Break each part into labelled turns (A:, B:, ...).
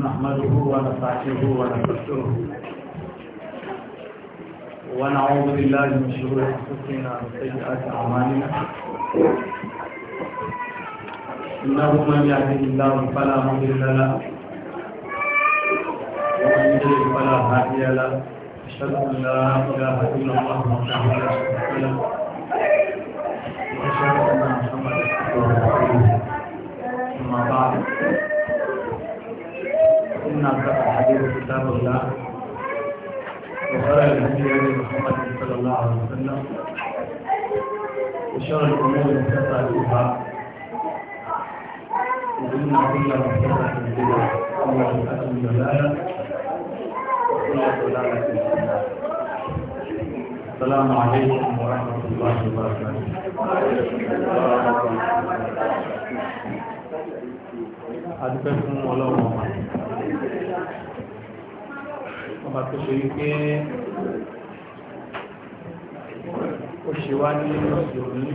A: نحمده ونستعينه ونستغفره ونعوذ بالله من شرور انفسنا ومن سيئات اعمالنا انه من يهده الله فلا مضل له ومن يضلل فلا هادي له اشهد ان لا اله الا الله وحده لا شريك له واشهد ان محمدا رسول الله
B: إن أصدق الحديث كتاب الله وخير الهدي هدي محمد صلى الله عليه وسلم وشر الأمور محدثاتها وإن كل محدثة بدعة وكل بدعة ضلالة وكل ضلالة في النار السلام عليكم ورحمة الله وبركاته adúpẹ́ fún ọlọ́run ọmọ
A: ọba tó ṣe wípé
B: ó ṣe wá ní ọ̀sẹ̀ òní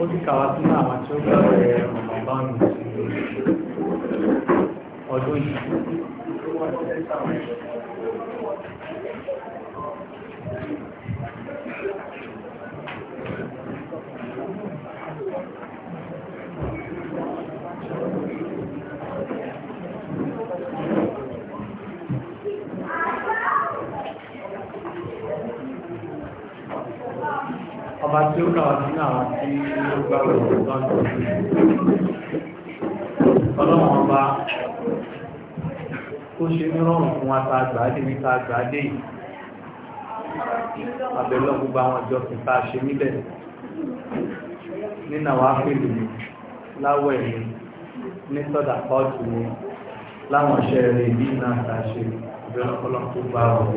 B: ó ti kàwá sínú àwọn tí ó bẹ̀rẹ̀ ọ̀nà báńkì ọdún yìí ọba tí ó náà nínú àwọn tí ó gbàgbọ́ ìgbọ́n tó ṣe
A: ọlọ́run ọba tó ṣe ní rọrùn fún wa tá a gbà á dé níta gbà á dé yìí abẹ́lọ́ gbogbo àwọn ìjọ kì tá a ṣe níbẹ̀ nínú àwọn áfíìlì mi láwọ̀ ẹ̀mí ní sọ́dà pọ́ọ̀tù mi láwọn ṣẹ̀rẹ̀ ìbí náà tá a ṣe ìbẹ́lọ́pọ́lọ́ tó gbà wọ̀.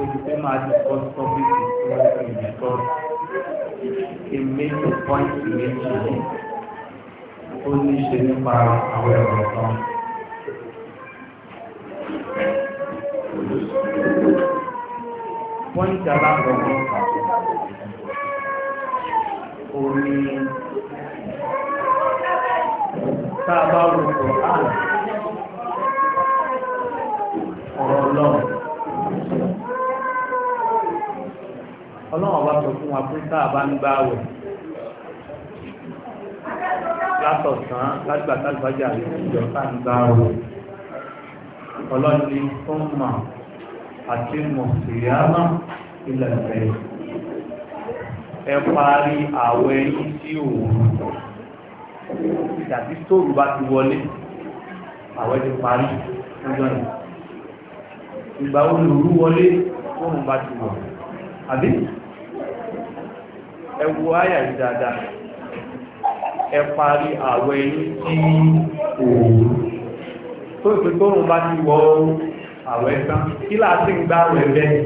A: olùfẹ́ máa discuss public disclosure because a major point méjì ni ó ní ṣe nípa àwọn ẹ̀rọ kan. Point alákọ̀ọ́kọ́ ó ní tá a bá wo Quran ọ̀rọ̀ náà.
B: ọlọ́wọ́n bá sọ fún wa pé tá a bá ń gbá wẹ̀ látọ̀sán lágbà tágbàjà ìjọ tá ń gbá
A: wẹ̀ ọlọ́ni fún mà àti mọ̀síyámà ilẹ̀ bẹ̀rẹ̀ ẹ parí àwẹ̀ yín sí òun ìdàtí tóòrù bá ti wọlé àwẹ̀ ti parí ọjọ́ ìgbà olùrú wọlé fóònù bá ti wọ̀ àbí ẹ wo àyà yìí dáadáa ẹ parí àwẹ̀ yìí tí òòrùn tó ìpè tó rùn bá ti wọ àwẹ̀ tán kí láti ń gbá àwẹ̀ bẹ́ẹ̀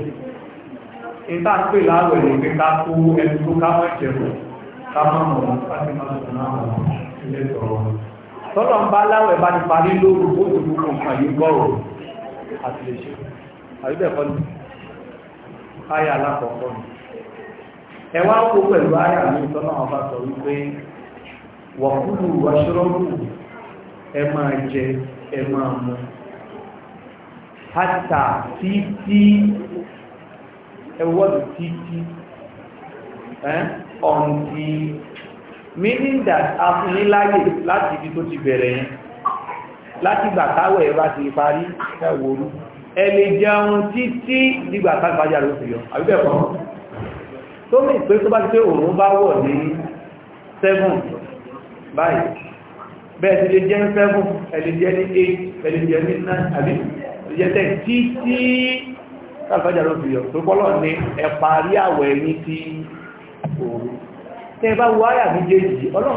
A: ìta pè láwẹ̀ ní pé ká kó ẹni tó ká mọ̀ ìjẹ̀bù ká mọ̀ mọ̀ láti ń bá láwẹ̀ bá ti parí lóru ó ti gbogbo nǹkan yìí gbọ́rọ̀ àti lè ṣe àyíbẹ̀ kọ́ni káyà alákọ̀ọ́kọ́ ni ẹ wá kó pẹ̀lú ayà mi tọ́nà ọba sọ wípé wọ̀kúlù aṣọ́rọ́kù ẹ máa jẹ ẹ máa mu hátà títí ẹwọ́dù títí ọ̀ǹtí meaning that a fún ní láyè láti ibi tó ti bẹ̀rẹ̀ yẹn láti gbàtàwẹ̀ ẹ bá ti parí ẹwòrú ẹ lè jẹun títí dìgbàtàgbàjà ló fi yọ àbíbẹ̀ kan tó mì pé tó bá ti pé òun bá wọ̀ ní 7 báyìí bẹ́ẹ̀ ti lè jẹ́ 7 ẹ̀lẹ́ jẹ́ ní 8 ẹ̀lẹ́ jẹ́ ní 9 àbí ẹ̀lẹ́ jẹ́ 10 títí káàkiri ló fi yọ tó pọ́lọ̀ ní ẹ̀pà rí àwọ̀ ẹ̀yìn tí òru tẹ́ bá wọ àyà méjèèjì ọlọ́run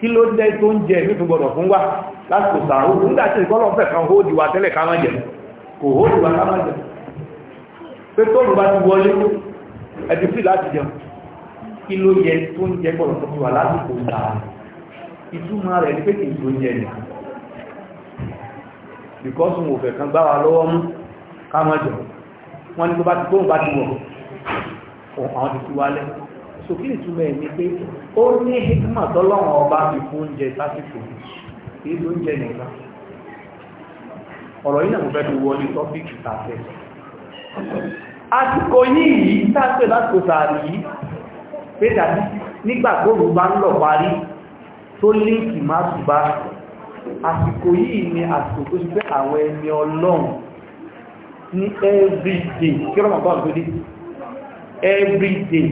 A: kí ló dé tó ń jẹ ìmí fún gbọdọ̀ fún wa lásìkò sàárò nígbà tí ìkọlọ̀ fẹ̀ kan hóòdì wa tẹ́lẹ̀ ká máa jẹ kò hóòdì wa ká máa jẹ pé tóòrùn bá ti wọlé ẹ̀dì sí láti jẹun kí ló yẹ tó ń jẹ gbọdọ̀ fún wa lásìkò sàárò ìtumọ̀ rẹ̀ ní pé kì í tó ń jẹ nìkan because mo fẹ́ kan gbá wa lọ́wọ́ mú ká mọ́ jọ wọ́n ní tó bá ti wọ̀ àwọn ti tú wálẹ̀ so ó ní hikma tọ́lọ́wọ́n ọba fi fún oúnjẹ sásìkò kí ló ń jẹ nìkan ọ̀rọ̀ yìí náà mo fẹ́ fi wọlé tọ́pìkì tàfẹ́ àsìkò yìí tàfẹ́ lásìkò sàárì yìí pé tàbí nígbà góòlù bá ń lọ parí tó líǹkì má ṣùgbá àsìkò yìí ni àsìkò tó ṣe pé àwọn ẹni ọlọ́run ní everyday kí rọ́mọ̀ bá ń tó dé everyday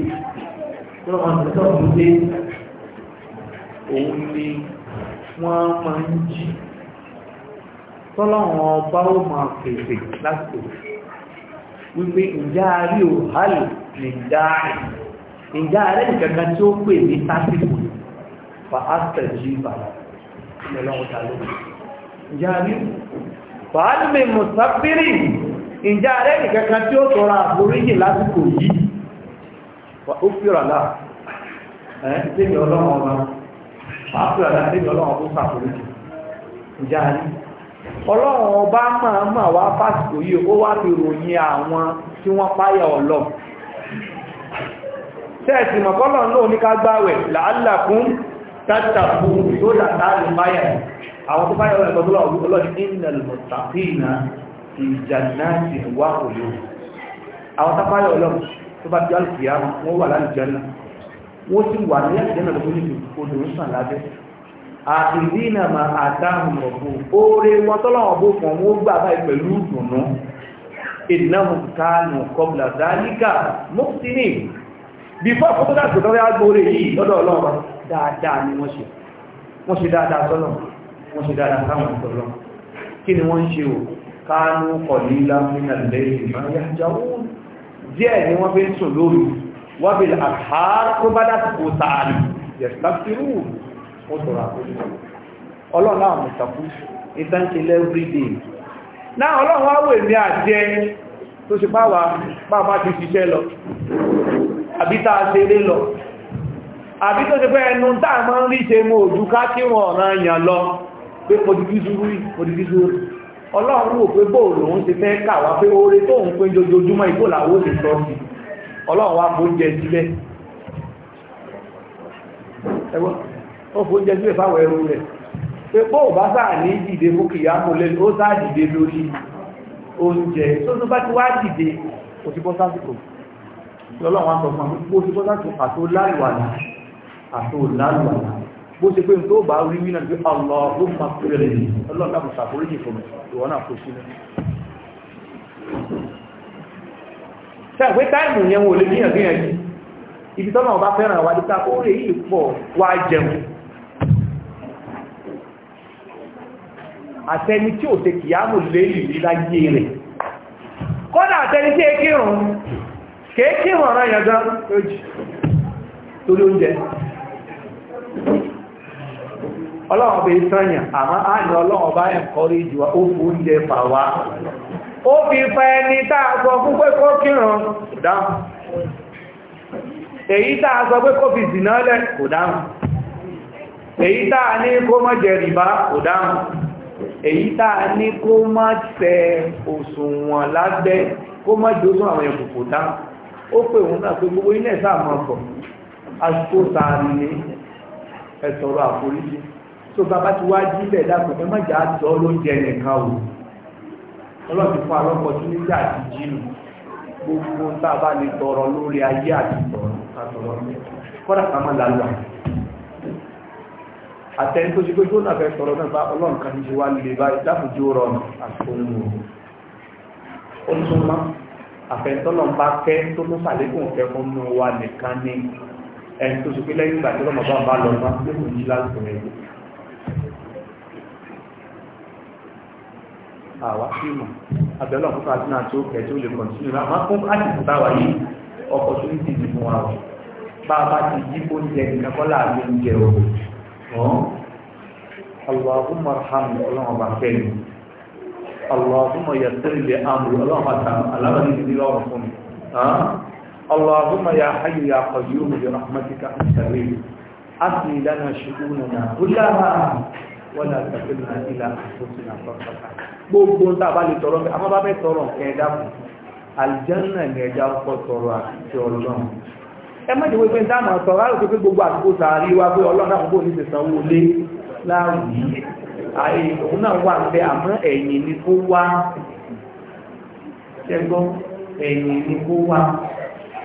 A: tí wọ́n ti tọ́jú dé òun ni wọ́n máa ń jí tọ́lọ́wọ́n ọba ó máa pèsè lásìkò wípé ìjà rí ò hálì lè dáàrí ìjà rẹ̀ nìkankan tí ó pè ní tásìkò fa ástẹ̀jì ìbàlá ìlọ́wọ́n rí fàálùmí rẹ̀ nìkankan tí ó tọrọ àforíjì lásìkò yìí ó fìrà láà ẹ̀ tẹ́mi ọlọ́run ọba máa fìrà láà tẹ́mi ọlọ́run ọba ó sàkórí jù ìjà rí ọlọ́run ọba máa máa wá fásitì yìí ó wá fi ròyìn àwọn tí wọ́n páyà ọlọ́ tẹ́ẹ̀sì mọ̀kọ́lọ̀ náà ní ká gbáwẹ̀ làálàkún tàtàkù tó dàtàrí páyà àwọn tó bá jẹ́ àlùkìyà wọ́n wà lálùjẹ́ náà wọ́n sì wà ní àjẹ́ náà lórí odò ń sàn lábẹ́ àìdínà máa àdáhùn ọ̀bọ̀ oore wọn tọ́lọ́wọ́ bó fún wọn gbà báyìí pẹ̀lú ìdùnnú ìnáhùn káànù kọbùlà dáríkà mọ́sílì bí fọ́ fọ́tọ́lá ìgbòtọ́lá agbóore yìí lọ́dọ̀ ọlọ́rọ̀ dáadáa ni wọ́n ṣe wọ́n ṣe dáadáa sọ́lọ̀ díẹ̀ ni wọ́n fi ń sùn lóru wọ́n fi àtàrà tó bá dásìkò tààrí yẹ̀sàkìrù ó tọrọ àkójọ ọlọ́run náà mùsàkú ìtànkìlẹ̀ everyday náà ọlọ́run wáwò èmì àjẹ́ tó ṣe báwa báwa ti ṣiṣẹ́ lọ àbí tàà ṣe lé lọ àbí tó ṣe pé ẹnu táà máa ń rí ọlọ́run wò pé bóò lòun ti fẹ́ kà wá pé oore tóun pé jojoojúmọ́ ìbò làwọn ò lè sọ sí ọlọ́run wá fóúnjẹ sílẹ̀ ẹgbọ́n ó fóúnjẹ sílẹ̀ fáwọn ẹrú rẹ̀ pé bóò bá sáà ní dìde fún kìyàmù lẹ́nu ó sáà dìde lórí oúnjẹ tó tó bá ti wá dìde kò sí bọ́sásìkò lọ́lọ́run wá sọ fún mi bó ti bọ́sásìkò àtó láìwàlà àtó láìwàlà bó ṣe pé n tó bá rí wínà Allahumma pẹ̀lẹ̀ ní ọlọ́dàbù ṣàforíjì fún mi ìwọ́n náà kó sínú ṣàgbé táìmù yẹn wò lè níyàn gíyàn yìí ibi tọ́nà ọba fẹ́ràn wà díta ó rè yìí pọ̀ wá jẹun àtẹni tí ò ṣe kìyàmù lélì níláyé rẹ̀ kọ́dà àtẹni tí ékírùn kéèkírùn ọ̀rọ̀ yẹn gan ọlọ́run bèé sọ́yàn àmọ́ àyàn ọlọ́run bá yẹn kọrí jù ó fún oúnjẹ fà wá ó fi fa ẹni táà sọ fún pé kó kírun kò dáhùn èyí táà sọ pé kó fi zìnà lẹ̀ kò dáhùn èyí táà ní kó má jẹ rìbá kò dáhùn èyí táà ní kó má tẹ àforíjì tó bàbá ti wá jí ilẹ̀ dàpọ̀ ẹ má jà á tọ́ lóúnjẹ nìkan o ọlọ́ọ̀tì fún alọ́kọ̀ tí ní jà ti jí nù gbogbo tá a bá lè tọrọ lórí ayé àti tọrọ kọ́dà ká má lálọ́ àtẹni tó ṣe pé tó nàfẹ́ tọrọ náà bá ọlọ́run kan ṣe wá lè bá ìdáàbòjú rọrùn àti ohun ó tún mọ́ àfẹ́ntọ́lọ̀ ń bá kẹ́ tó ló sàlékùn ọ̀fẹ́ fún wa nìkan ní ẹni tó ṣe pé lẹ́yìn ìgbà tí ọlọ́mọ bá ń bá lọ bá lẹ́kùn jí lásìkò ẹ̀yìn àwa sí mọ̀ abẹ́lọ́ fún fàájú náà tó kẹ̀ tó lè kọ̀tínú láwọn fún àtìkù báwa yìí ọkọ̀ tó ní tìjì fún wa o bá a bá ti yí kó jẹ nǹkan kọ́ láàrin oúnjẹ o Allahumma arham ọlọ́run bá fẹ́ mi Allahumma yassir li amri ọlọ́run bá ta alábàáni ti لنا شؤوننا كلها ولا تكلنا إلى أنفسنا gbogbo tá a bá lè tọrọ mẹ àmọ́ bá fẹ́ tọrọ nǹkan ẹ̀dá kù àlìjánà ní ẹ̀dá ọkọ̀ tọrọ àti ọlọ́run ẹ má jẹ́ wípé dáàmà tọrọ àrùn pé gbogbo àdúgbò sàárì wá pé ọlọ́run àkókò ní ìsẹ̀sánwó lé láàrùn àyè òun náà wà bẹ àmọ́ ẹ̀yìn ni kó wá ṣẹgbọ́n ẹ̀yìn ni kó wá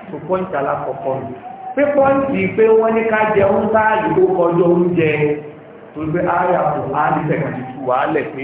A: tó pọ́ǹtì alákọ̀ọ́kọ́ ni pé pọ́ǹtì pé wọ́n ní ká jẹun táàlì ó kọjọ oúnjẹ torí pé áyà kò á tù wàá pé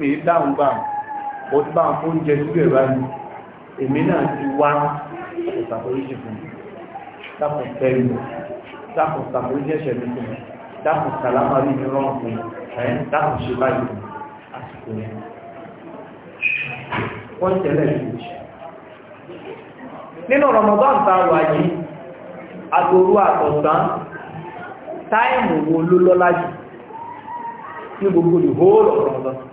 A: mi dáhùn gbà ó ti bá ń fún oúnjẹ sí ẹ̀rọ ni èmi náà ti wá ìsàforíjì fún mi dákùn tẹ́lú dákùn ìsàforíjì ẹ̀ṣẹ̀ mi fún mi dákùn sàlámàrí mi rán fún mi dákùn ṣe báyìí fún àsìkò rẹ̀ wọ́n tẹ́lẹ̀ lójì nínú Ramadan ta wà yìí agoru àtọ̀sán táìmù wo ló lọ́lá jù ní gbogbo the whole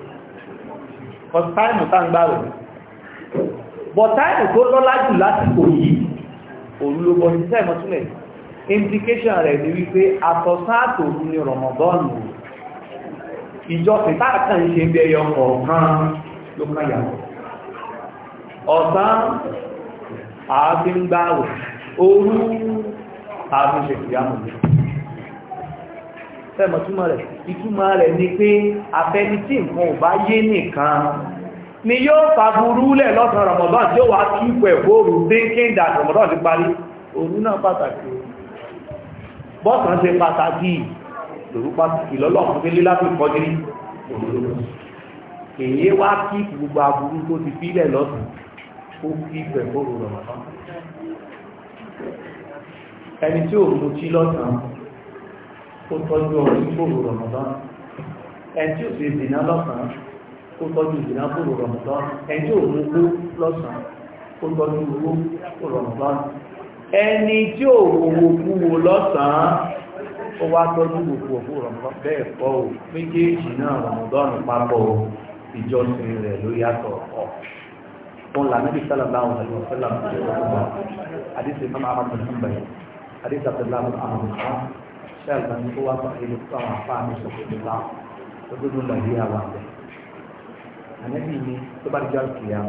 A: for time tá ń gbà rẹ̀ but time tó lọ́lá jù lásìkò yìí òru ló bọ́ sí sẹ́ẹ̀mọ́ túnlẹ̀ implication rẹ̀ ni wípé àtọ̀sán àtòru ni rọ̀mọ̀dọ́nù ìjọsìn táàkàn ń ṣe bí ẹyọ kọ̀ọ̀kan ló kàn yàtọ̀ ọ̀sán ààfin gbà rẹ̀ òru ààfin ṣe kìyàmù fẹ́mọ̀ túmọ̀ rẹ̀ ìtumọ̀ rẹ̀ ni pé abẹni tí nǹkan ò bá yé nìkan ni yóò fàbúrú lẹ̀ lọ́sàn Ramadan tí ó wà kíkọ ẹ̀fóòrù thinking that Ramadan ti parí òru náà pàtàkì bọ́sàn ṣe pàtàkì lòrú pàtàkì lọ́lọ́kùn fi lé láti kọjú èyí wá kí gbogbo aburú tó ti fílẹ̀ lọ́sàn ó kíkọ ẹ̀fóòrù Ramadan ẹni tí ò mú tí lọ́sàn kó tọ́jú ọ̀rọ̀ ìgbòrò rọ̀mọ̀dán ẹni tí ò sì dìná lọ́sàn-án kó tọ́jú ìdìná gbòrò rọ̀mọ̀dán ẹni tí ò mú kó lọ́sàn-án kó tọ́jú owó rọ̀mọ̀dán ẹni tí ò wòwò kú wo lọ́sàn-án ó wá tọ́jú gbogbo òkú rọ̀mọ̀dán bẹ́ẹ̀ kọ́ ò méjèèjì náà rọ̀mọ̀dán papọ̀ ìjọsìn rẹ̀ ló yàtọ̀ ọ̀ wọn là níbi sálà láwọn àti wọn sálà àti wọn àdìsí mọ́mọ́ àmàlùmọ́ àdìsí àtàlà àmàlùmọ́ ṣé àgbà ní kó wá pàdé ló fún àwọn afá mi sọ̀kò ní bá ọdún ló lọ rí àwọn àgbẹ̀. ànẹ́bí mi tó bá jẹ́ àkìyà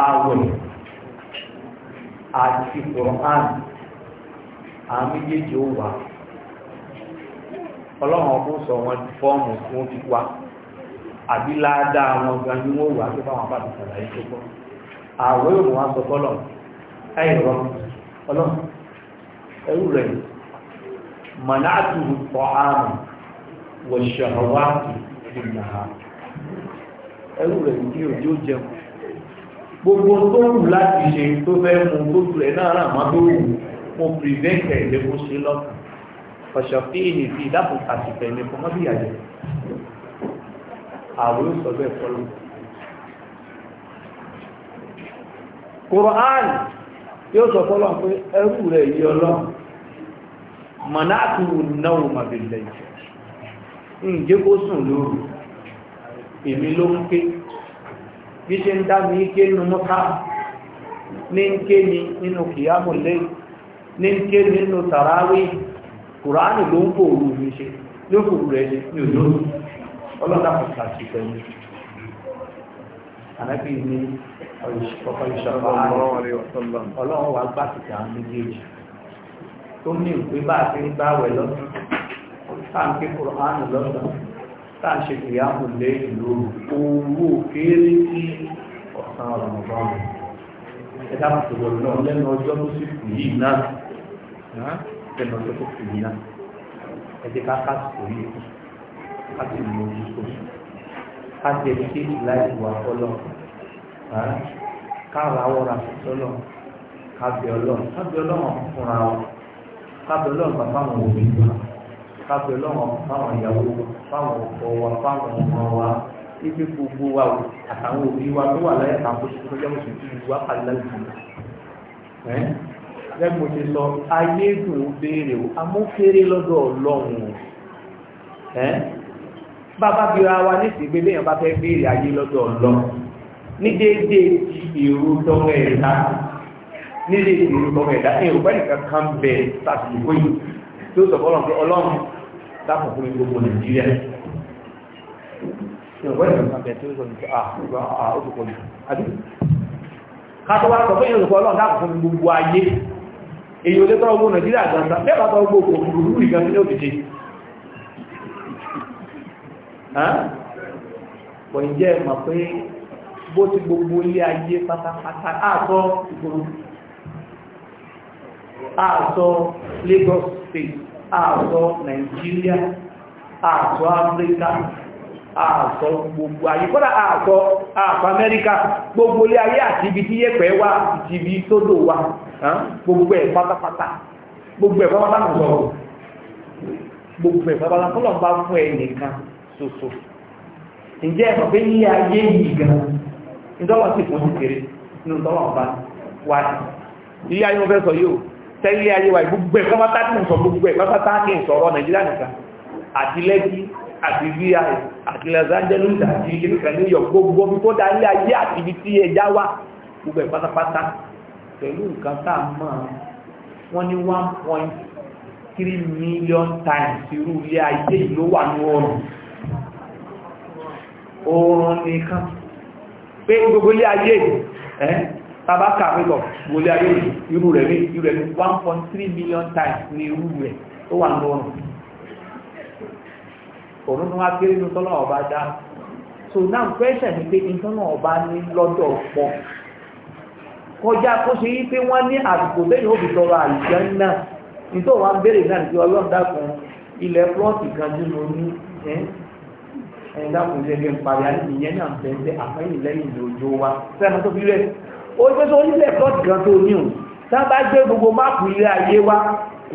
A: àwẹ̀ àti Qur'an àwọn méjèèjì ó wà ọlọ́run ọkùnrin sọ wọn di fọ́ọ̀mù tí wọ́n fi wá àbí ládàá wọn gan ni wọ́n wà tó báwọn àbàdàn sàlàyé tó kọ́ àwẹ̀ òun wá sọ fọ́lọ̀ ẹ̀yìn rọ ọlọ́run ẹrú rẹ̀ mọ̀nàtù pọ̀ àrùn wọ̀ṣọ̀wáàtì ìlà ẹrú rẹ̀ ní òjò jẹun gbogbo tó wù láti ṣe tó fẹ́ mu tó tù ẹ̀ náà ràn má tó wù mo prevent ẹ̀ mo ṣe lọ́kàn ọ̀ṣọ̀fí ìní fi ìdáàbòbò àtìfẹ́ ní kọ́mọ́bíyàjẹ́ àwọn olùsọ̀gbẹ́ ìfọ́lọ́ Kùrán yóò sọ fọ́lọ́ pé ẹrù rẹ̀ yí ọlọ́run mọ̀nàtù náà màbìlẹ̀ ìjẹ́ kó sùn lóru èmi ló ń ké bí ṣe ń dá mi ké nínú mọ́ká ní ń ké ní nínú kìyàmùlé ní ń ké nínú tàràwí kùránì ló ń fòrò mi ṣe ló fòrò rẹ̀ ní òjò ọlọ́dà pàtàkì pẹ̀lú ànábì ní ọ̀pọ̀ ìṣàpá ọlọ́run wà tó ní ìpé bá àti ń gbáwẹ̀ lọ́sàn táǹkì kùránù lọ́sàn táǹṣe ìyàmù lé ìlú owó kéré sí ọ̀sán ọ̀rọ̀mọ̀bọ̀n ẹ̀dá pọ̀tọ̀wọ̀ náà lẹ́nu ọjọ́ tó sì kù yìí náà lẹ́nu ọjọ́ tó kù yìí náà ẹ̀dẹ́ ká kásìkò yìí ká sì mú ojú tó ká jẹ sí láì wà fọlọ́ ká ra ọ̀rà sọ́lọ́ ká bẹ ọlọ́run ká bẹ ọlọ́run fúnra wọn kábẹ̀ lọ́wọ́ bá fáwọn òbí wa kábẹ̀ lọ́wọ́ fáwọn ìyàwó fáwọn ọkọ wa fáwọn ọmọ wa ibi gbogbo wa àtàwọn òbí wa tó wà láyé àkóso tó jẹ́ mọ̀sùn tó wà kálí ẹ́ lẹ́gbọ̀n ti sọ ayé dùn béèrè o amókèrè lọ́dọ̀ ọlọ́run o ẹ́ bàbá bíra wa nísìnyí pé bẹ́ẹ̀ bá fẹ́ béèrè ayé lọ́dọ̀ ọlọ́run ní déédéé èrò tọrọ ẹ̀ láti nílé ìlú tọmọ ẹ̀dá ní ìrùpẹ́ nìkan kan bẹ̀ láti ìkó yìí tí ó sọ fọ́lọ̀ pé ọlọ́run dákùn fún gbogbo nàìjíríà ìrùpẹ́ nìkan kan bẹ̀ tí ó sọ nìkan àgbà àótùpọ̀ yìí àbí kátọ́wà sọ pé ìrùpẹ́ ọlọ́run dákùn fún gbogbo ayé èyí olé tọ́rọ gbogbo nàìjíríà gbàgbà bẹ́ẹ̀ bá tọ́rọ gbogbo òkúrú ìgbà tí ó ti ṣe pọ̀ ìjẹ́ mọ̀ pé bó ti gbogbo ilé ayé pátápátá àtọ́ ìgbòrò àtọ́ Lagos state àtọ́ Nigeria àtọ́ Africa àtọ́ gbogbo ayé kọ́dá àtọ́ america gbogbo ilé ayé àti ibi tí yẹ́pẹ̀ wà àti ti tó dò wà gbogbo ẹ̀ gbogbo ẹ̀ pátápátá kò sọ̀rọ̀ gbogbo ẹ̀ pátápátá kọ́lọ̀ bá fún ẹ nìkan ṣoṣo ǹjẹ́ ní ayé yìí gan sì fún ti kéré nínú tọ́wọ́ wáyé ilé ayé wọn fẹ́ sọ tẹ́lẹ̀ ayé wa gbogbo ẹ̀ pápátá tí mo sọ gbogbo ẹ̀ pápátá ní ìsọ̀rọ̀ nàìjíríà nìkan àti lẹ́bí àti ria àti Los Angeles àti ìlúkà New York gbogbo bí tó darí ayé àti ibi tí ẹja wà gbogbo ẹ̀ one point three million times irú ilé ayé yìí ló wà ní ọrùn oorun nìkan pé tabaka àpẹtọ̀ wòlé ayé irú rẹ̀ ní 1.3 million times ní irú rẹ̀ tó wà ní ọrùn òun ní wá kéré ní tọ́lọ́ ọba dá so now question ni pé ìtọ́nà ọba ní lọ́dọ̀ pọ̀ kọjá kó ṣe yí pé wọ́n ní àsìkò bẹ́yìn òbí tọrọ àìjẹ́ náà nítorí wọn béèrè náà nítorí ọlọ́run dákun ilẹ̀ plọ́ọ̀tì kan tí mo ní ẹ̀yìn dákun ilé ẹgbẹ́ ń parí ìyẹn náà bẹ́ẹ̀ bẹ́ẹ̀ lẹ́yìn ìlòjó wa sẹ́nu tó fi rẹ̀ onígbèsè onílẹ̀ plọ́ọ̀tì kan tó ní òun tá bá gbé gbogbo máàpù ilé ayé wa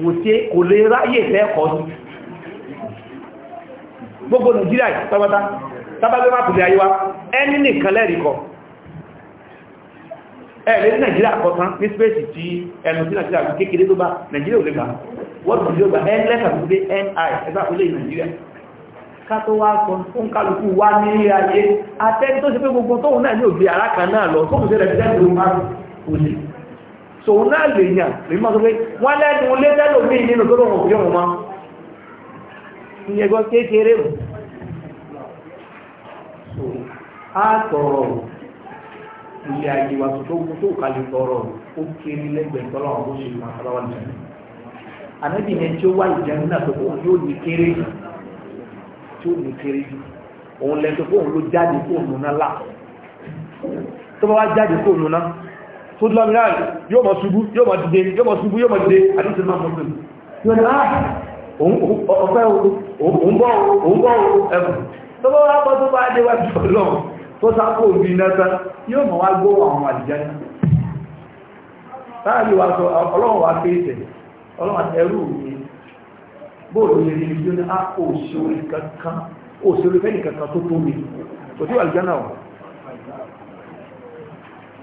A: kò ṣe kò lè ráyè fẹ́ẹ̀kọ́ ní gbogbo nàìjíríà tọ́pátá tábà gbé máàpù ilé ayé wa ẹni nìkan lẹ́rìí kọ ẹ̀rẹ́ ní nàìjíríà kọtán ní spéèsì tí ẹnu sí nàìjíríà kékeré tó bá nàìjíríà ò lè gbà wọ́n kátó wá sọ fún kálukú wá ní ayé atẹ́ni tó ṣe pé gbogbo tóun náà ní òbí ara kan náà lọ tóun ṣe rẹ̀pẹ́tẹ́ tó máa kò sí sòun náà lè yàn lè máa sọ pé wọ́n lẹ́nu lé tẹ́lò mí nínú tó lọ́wọ́ òfin ọmọ ìyẹ̀gọ́ kékeré rẹ̀ á sọ̀rọ̀ ilé ayé wa tó tó kàlù sọ̀rọ̀ ó kéré lẹ́gbẹ̀ẹ́ tọ́lọ́wọ́ bó ṣe máa sọ́lọ́wọ́ àmẹ́bìnrin tí ó wà ìjẹun náà tó kóun yóò di kéré tí ó ní kéré jù òun lẹ́tọ́ fóun ló jáde fóun nùnà là tó bá wá jáde fóun nùnà tó lọ́mìnà yóò mọ̀ ṣubú yóò mọ̀ dìde yóò mọ̀ ṣubú yóò mọ̀ dìde àdúgbò máa mọ̀ pẹ̀lú yóò ní ah, ọ̀pẹ́ òun bọ́ ẹ̀bùn tó bá wá bọ́ tó bá dé wá jù ọlọ́run tó sápò òbí náà yóò mọ̀ wá gbó àwọn àdìjá náà láàrin wa sọ ọlọ́run wa pé ìtẹ̀ ọlọ́run ẹrú mi bóòlù lè rí ibi ní àpò ah, òṣèré kankan òṣèré fẹ́ nìkankan tó tó mi kò tí wà lìjánà ọ̀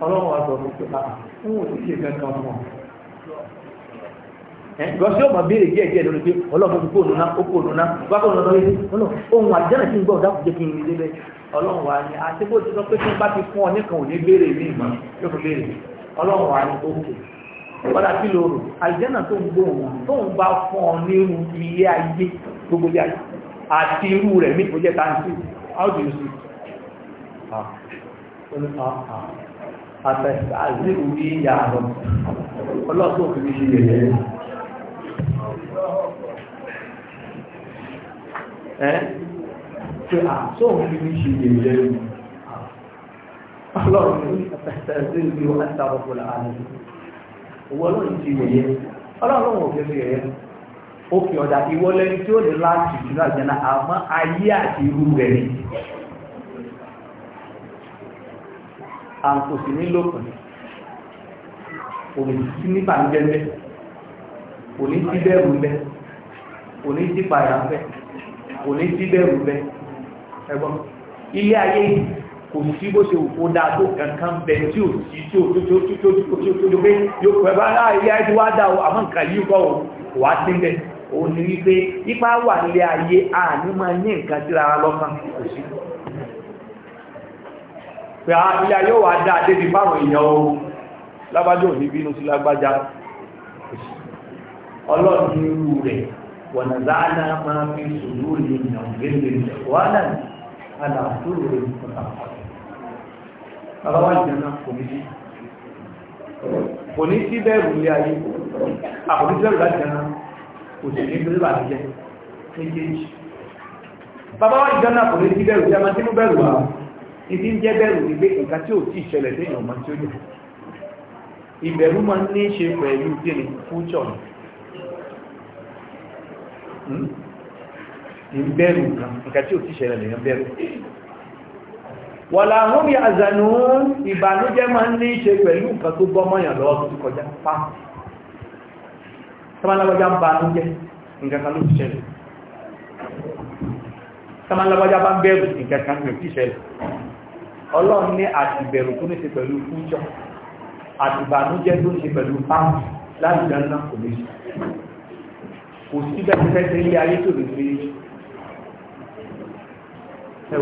A: ọlọ́run àtọ̀ mi pé àà ń wò sí ṣe kankan mọ̀ gọ́sí ọmọ béèrè díẹ̀ díẹ̀ lórí pé ọlọ́run ti kó ònúná ó kó ònúná wá kó ònúná lórí ohun àjẹ́nà tí ń gbọ́ dákùn jẹ́ kí n lè lẹ́ ọlọ́run wa ni àti bó ti sọ pé tí wọ́n bá ti fún ọ nìkan ò ní béèrè ní ìmọ̀ yóò fi béèrè ọlọ́run wa ni ó kè é wọ́dà sí lóòrò àlìjẹ́nà tó ń gbóhùn tó ń bá fún ọ nírú ilé ayé gbogbo ilé ayé àti irú rẹ̀ ní ìpòjẹ́ tàǹtì how do you see àtẹ̀sà sí orí ìyá rọ̀ ọlọ́tọ̀ òfin ṣe yẹ̀yẹ̀ ẹ́ tí àtọ́ òfin ṣe yẹ̀yẹ̀ ọlọ́run àtẹ̀sà sí orí ìyá rọ̀ owó ọlọ́run ti yẹ̀yẹ́ ọlọ́run ò fẹ́ fi yẹ̀yẹ́ ó fi ọ̀dà ìwọ tí ó lè láti ìṣúná àjẹ́nà àmọ́ ayé àti irú rẹ̀ ni àǹkò sí nílòkùn òní sí nípa ń òní sí bẹ́ẹ̀rù òní sí òní sí kò sí bó ṣe òkú dáa tó kankan bẹ̀ tí ò sí tí ò tó tó tó tó tó tó pé yóò pẹ̀ bá láà ilé ayé tó wá dáa àmọ́ nǹkan yìí kọ́ ò wá sí bẹ̀ ò ní wípé ipa wà nílé ayé àní máa ní nǹkan síra lọ́kàn kò sí pé ilé ayé wà dáa débi báwọn èèyàn o lábájọ́ òní bínú sí lágbájá ọlọ́run ní irú rẹ̀ wọ̀nà záánà máa fi sùúrù lè yàn gẹ́gẹ́ wọ́n náà alàfúrò rẹ̀ pàtàkì àbáwá ìjẹ̀nà kò ní sí kò ní sí bẹ́ẹ̀rù ilé ayé àkòrí bẹ́ẹ̀rù láti jẹ́nà kò sì ní bẹ́ẹ̀rù àti jẹ́ méjèèjì bàbá wá ìjẹ́nà kò ní sí bẹ́ẹ̀rù jẹ́ máa tí mú bẹ́ẹ̀rù wà ìdí ń jẹ́ bẹ́ẹ̀rù ní pé nǹkan tí ò tí ìbẹ̀rù máa ní ṣe pẹ̀lú wọ̀lá àwọn bí àzànú ìbànújẹ́ máa ń ní ṣe pẹ̀lú nǹkan tó bọ́ mọ́yàn lọ́wọ́ tó ti kọjá pa sọmọlábọ́já ń banújẹ́ nǹkan kan ló ti ṣẹlẹ̀ sọmọlábọ́já bá ń bẹ̀rù nǹkan kan ló ti ṣẹlẹ̀ ọlọ́run ní àtìbẹ̀rù tó ní ṣe pẹ̀lú fújọ́ àtìbànújẹ́ tó ní ṣe pẹ̀lú pàmù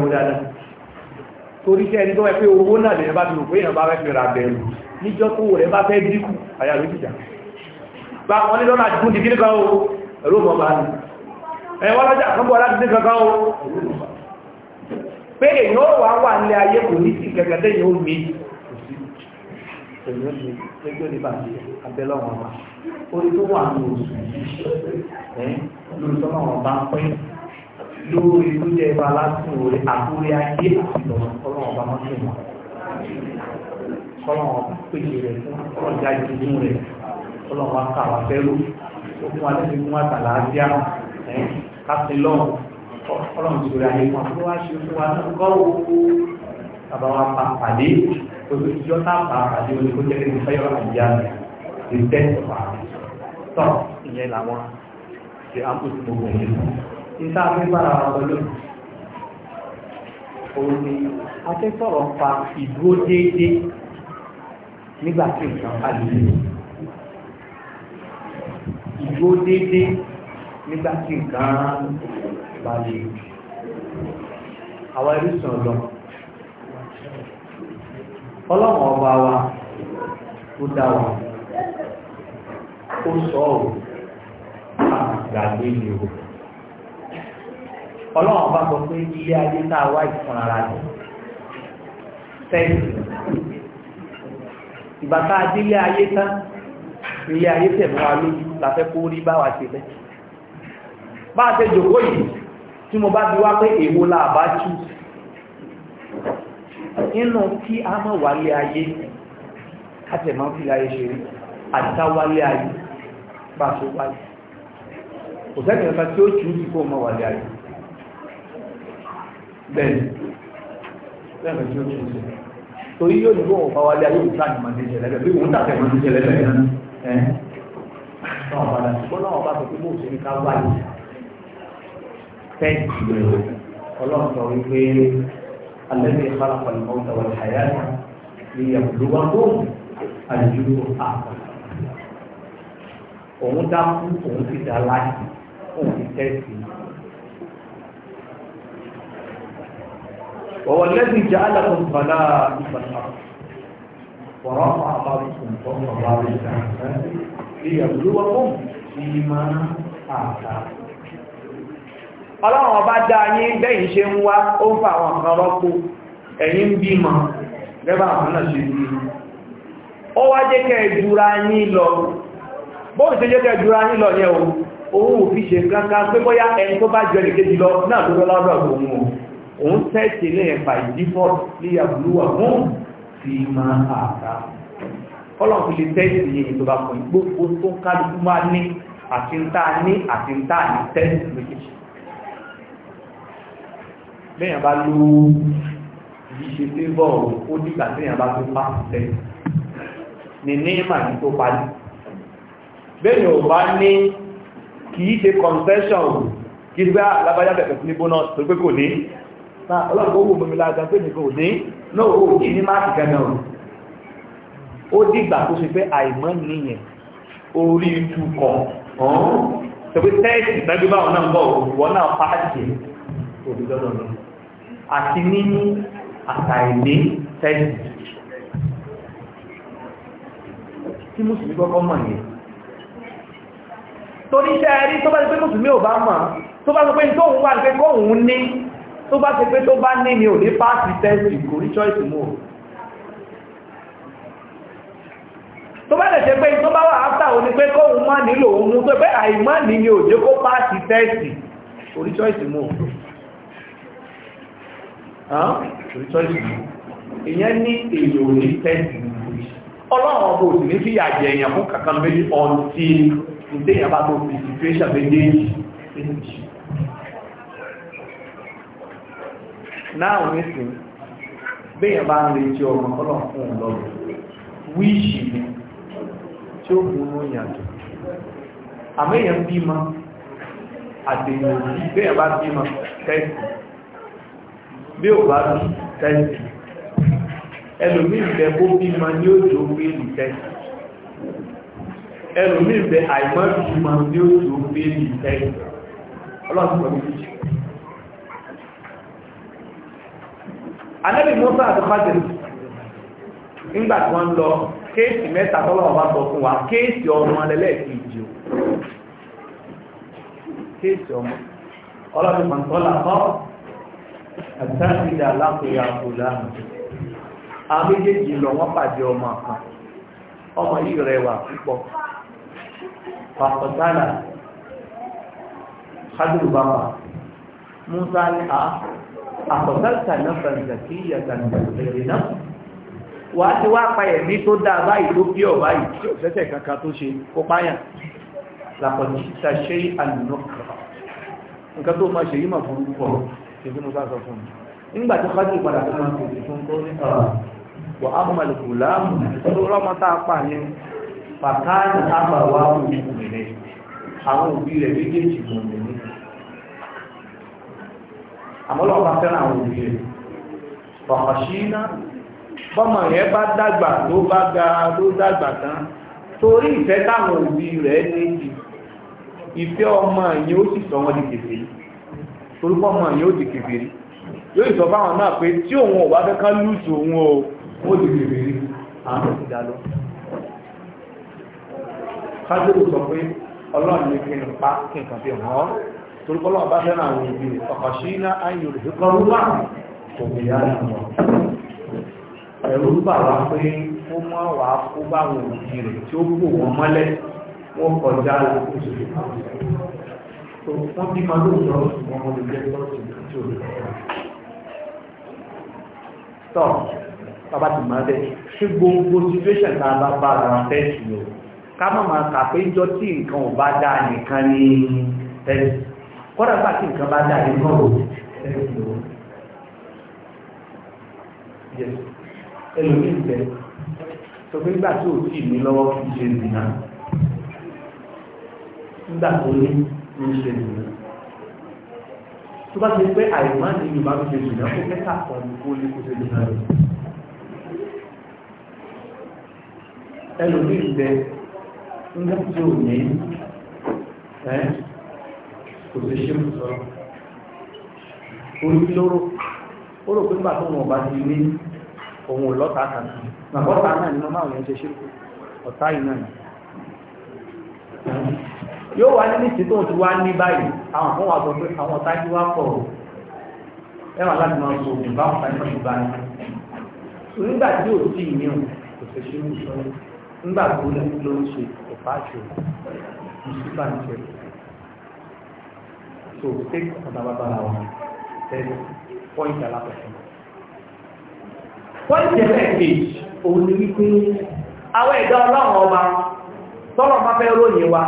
A: láti torí iṣẹ́ ẹni tó wẹ́ pé owó náà lè bá dùn pé èèyàn bá fẹ́ ra bẹ̀rù níjọ́ tó rẹ̀ bá fẹ́ dínkù àyà ló jìjà gba wọn ní lọ́nà àdìgún ti kíníkan o ẹ̀rọ mọ̀ bá ní ẹ̀wọ́n lọ́jà àkọ́bọ̀ láti dín kankan o pé èèyàn ó wà wà nílé ayé kò ní sí kẹ̀kẹ́ tẹ́yìn ó mi ẹgbẹ́ lórí ló jẹ́ ìbá látún orí àkórí ayé àti ìlọ́run ọlọ́run ọba máa ń sèwọ̀n ọlọ́run ọba péjì rẹ̀ fún ọlọ́run jáde nínú rẹ̀ ọlọ́run wa kà wá fẹ́rù ó fún wa lẹ́sìn fún wa tàlà ájá ẹ̀ káfí lọ́run ọlọ́run ti rẹ̀ ayé wọn ló wá ṣe fún wa náà kọ́ wo bàbá wa jẹ́ kí fẹ́yọ́ àyíyá rẹ̀ lè tẹ́ tọ́ ìyẹn làwọn ṣe á gbogbo ìlú ìta afẹ́fàrà pẹ̀lú òun ni afẹ́fọ̀rọ̀ pa ìdúró déédéé nígbà tí nǹkan bá lè lè ìdúró déédéé nígbà tí nǹkan bá lè àwọn ọba wa tó dá wa ó sọ ọ́ àgbàgbé ni o. ọlọ́run bá sọ pé ilé ayé tá a wá ìfúnra rà ní sẹ́yìn ìgbà tá a dé ilé ayé tán ilé ayé tẹ̀ mọ́ wa lójú la fẹ́ kó rí báwa ṣe bẹ́ẹ̀ bá a ṣe jòkó yìí tí mo bá bi wá pé èwo la bá tú nínú kí a mọ̀ wálé ayé ká tẹ̀ mọ́ fi láyé ṣe rí àtà wálé ayé bá a ṣe wáyé kò sẹ́ni ọ̀sán tí ó tù ú sí kó mọ̀ wálé ayé bẹ́ẹ̀ lẹ́ẹ̀kan tí ó tún ṣe torí yóò ní bóun bá wálé ayé òkúta àti màdé ìṣẹ̀lẹ̀ bẹ́ẹ̀ bí òun tàbí màdé ìṣẹ̀lẹ̀ bẹ́ẹ̀ ẹ̀ náà padà ṣùgbọ́n náà bá sọ pé bóun ṣe ní ká wáyé tẹ́ǹtì rẹ̀ ọlọ́run sọ wípé alẹ́ ní ìfara pẹ̀lú ọ̀tọ̀ wọ̀ ṣàyà ní ìyàwó tó àjùlù òun ti dá láti òun ti tẹ́sí وهو الذي جعلكم خلائف الأرض ورفع بعضكم فوق بعض ليبلوكم فيما آتاكم ọlọ́run ọba dá yín bẹ́yìn ṣe ń wá ó ń fa àwọn kan rọ́pò ẹ̀yin ń bímọ lẹ́bà àwọn náà ṣe bí ó wá jẹ́ kẹ́ lọ jẹ́ kẹ́ lọ o òun fi ṣe kankan pé bóyá ẹni tó bá òun tẹ́ẹ̀tì lè ẹ̀fà ìdífọ́ lè àbúlúwà wọ́n fi máa àká ọlọ́run fi lè tẹ́ẹ̀tì yìí ìjọba kan o tó ń kálukú máa ní àti ń tà ní àti ń tà ní tẹ́ẹ̀tì méjèèjì lẹ́yìn bá ló ìṣe fífọ́ ó dìgbà lẹ́yìn bá tó bá tẹ́ẹ̀tì ní ní màní tó parí lẹ́yìn ò bá ní kì í ṣe concession kí ah, ló bá bẹ̀rẹ̀ sí ní bónà tó gbé kò ní náà ọlọ́pàá owó mọ̀mí láàgbà pé nìkan ò ní náà ó kì ní máàkì gánà o ó dìgbà tó ṣe pé àìmọ́ nìyẹn orí ìtukọ̀ ọ̀hún tẹ̀pẹ́ tẹ́ẹ̀sì tẹ́bí báwọn náà ń bọ̀ òwúwọ́ náà pàtàkì òbíjọ́dọ̀ mi àti nínú àtàìní tẹ́ẹ̀sì tí mùsùlùmí kọ́kọ́ mọ̀ yẹn torí iṣẹ́ rí tó bá ti pé mùsùlùmí ò bá mọ̀ tó bá sọ pé ní tóun wà pé kóun ní tó bá ti pé tó bá ní ni ò ní páàsì tẹ́sì kò ní choice mú o tó bá lè ṣe pé tó bá wà áfà ò ní pé kó òun má nílò òun mú tó pé àìmá ní ni ò jẹ́ kó páàsì tẹ́sì kò ní choice mú o ìyẹn ní èyí ò ní tẹ́sì ọlọ́run ọbọ̀ òsì ní fíyà jẹ èèyàn fún kankan méjì ọ̀n tí ìdéyàn bá tó fi situation méjèèjì naanị nísìn béèyàn bá ń retí ọmọ ọlọ́run fún un lọ́wọ́ wíṣì ni tí ó mú un yàtọ̀ àmẹ́yàn bímọ àtẹ̀yìn òbí béèyàn bá bímọ tẹ́sì bí ò bá bí tẹ́sì ẹlòmí ìbẹ̀ bó bímọ ní òjò wíìlì tẹ́sì ẹlòmí ìbẹ̀ àìmọ́ ní òjò wíìlì tẹ́sì ọlọ́run anábì Musa àti Khadiri nígbà tí wọ́n lọ kéèsì mẹ́ta tọ́lọ́wọ́ bá sọ fún wa kéèsì ọmọ alẹ́lẹ́ẹ̀kì ìjì kéèsì ọmọ ọlọ́dún pàǹtọ́lá kọ́ àtàkìdà lápẹ̀yà kòlá àwọn méjèèjì lọ wọ́n pàdé ọmọ kan ọmọ yìí rẹwà púpọ̀ pàpọ̀tálà Khadiri bá pa Musa ní àá àkọ̀tẹ́lẹ̀tà náà fẹ̀ǹtà kí ìyàtà ìrìn náà wà á ti wá pa ẹ̀mí tó dáa báyìí tó bí ọ̀bá yìí tí òṣẹ́ṣẹ̀ kankan tó ṣe kó páyàn làpọ̀títa ṣe àlùnọ́kà nǹkan tó máa ṣe yí mà fún púpọ̀ ṣe tí mo bá sọ fún mi nígbà tó bá àwọn òbí rẹ̀ méjèèjì mọ̀ àmọ́ lọ́wọ́ bá fẹ́ràn àwọn òbí rẹ̀ pàpàṣí iná bọ́mọ rẹ̀ bá dàgbà tó bá ga tó dàgbà tán torí ìfẹ́ táwọn òbí rẹ̀ níbi ìfẹ́ ọmọ yìí ó sì sọ wọn di kèfèrí torúkọ ọmọ yìí di kèfèrí yóò sì sọ fáwọn náà pé tí òun ò bá fẹ́ ká di kèfèrí àwọn ti dá lọ kájọ́rò sọ torúkọ́lọ́ ọba fẹ́ràn àwọn ibi rẹ̀ ọ̀kọ̀ṣínà ayò rẹ̀ kọrù wà kò bí yá nìmọ̀ ẹ̀rù bà wá pé ó mọ́ wà kó bá wọn òbí rẹ̀ tí ó gbò wọn mọ́lẹ̀ wọ́n kọjá oṣù tó wọ́n bí máa lóòótọ́ wọn mo bàbá ti máa bẹ́ ṣé gbogbo situation tá bá bá ara fẹ́ sí o ká má máa kà pé jọ tí nǹkan ò bá dáa nìkan ni tẹ́sí kọ́dà bá kí nǹkan bá dáa nǹkan rò ẹlòmíì bẹ tó fi gbà tí ò tí ì ní lọ́wọ́ kí ṣe nìyà nígbà tó ní ní ṣe nìyà tó bá ti pé àìmá ní yorùbá ló ṣe nìyà kó kẹta kan ní kó lè kó ṣe nìyà rẹ ẹlòmíì nígbà tí ní ẹ. kò lè orí lóró ó rò pé nígbà tó ti ní ohun ọlọ́ta kan nàbọ́ta náà ni mọ́mọ́ àwọn èèyàn ṣe ṣe ọ̀tá yìí yóò wá ní ti wá ní báyìí àwọn kan wà sọ àwọn ọ̀tá yìí wá pọ̀ ẹwà láti máa sọ òògùn bá ọ̀tá nígbà tí so take àtàbàbàrà wa tẹ́lẹ̀ pọ́ìntì alákọ̀ọ́kọ́ pọ́ìntì ẹlẹ́ẹ̀kejì òun ni wípé àwọn ẹ̀dá ọlọ́run ọba tọ́lọ̀ bá fẹ́ ròyìn wa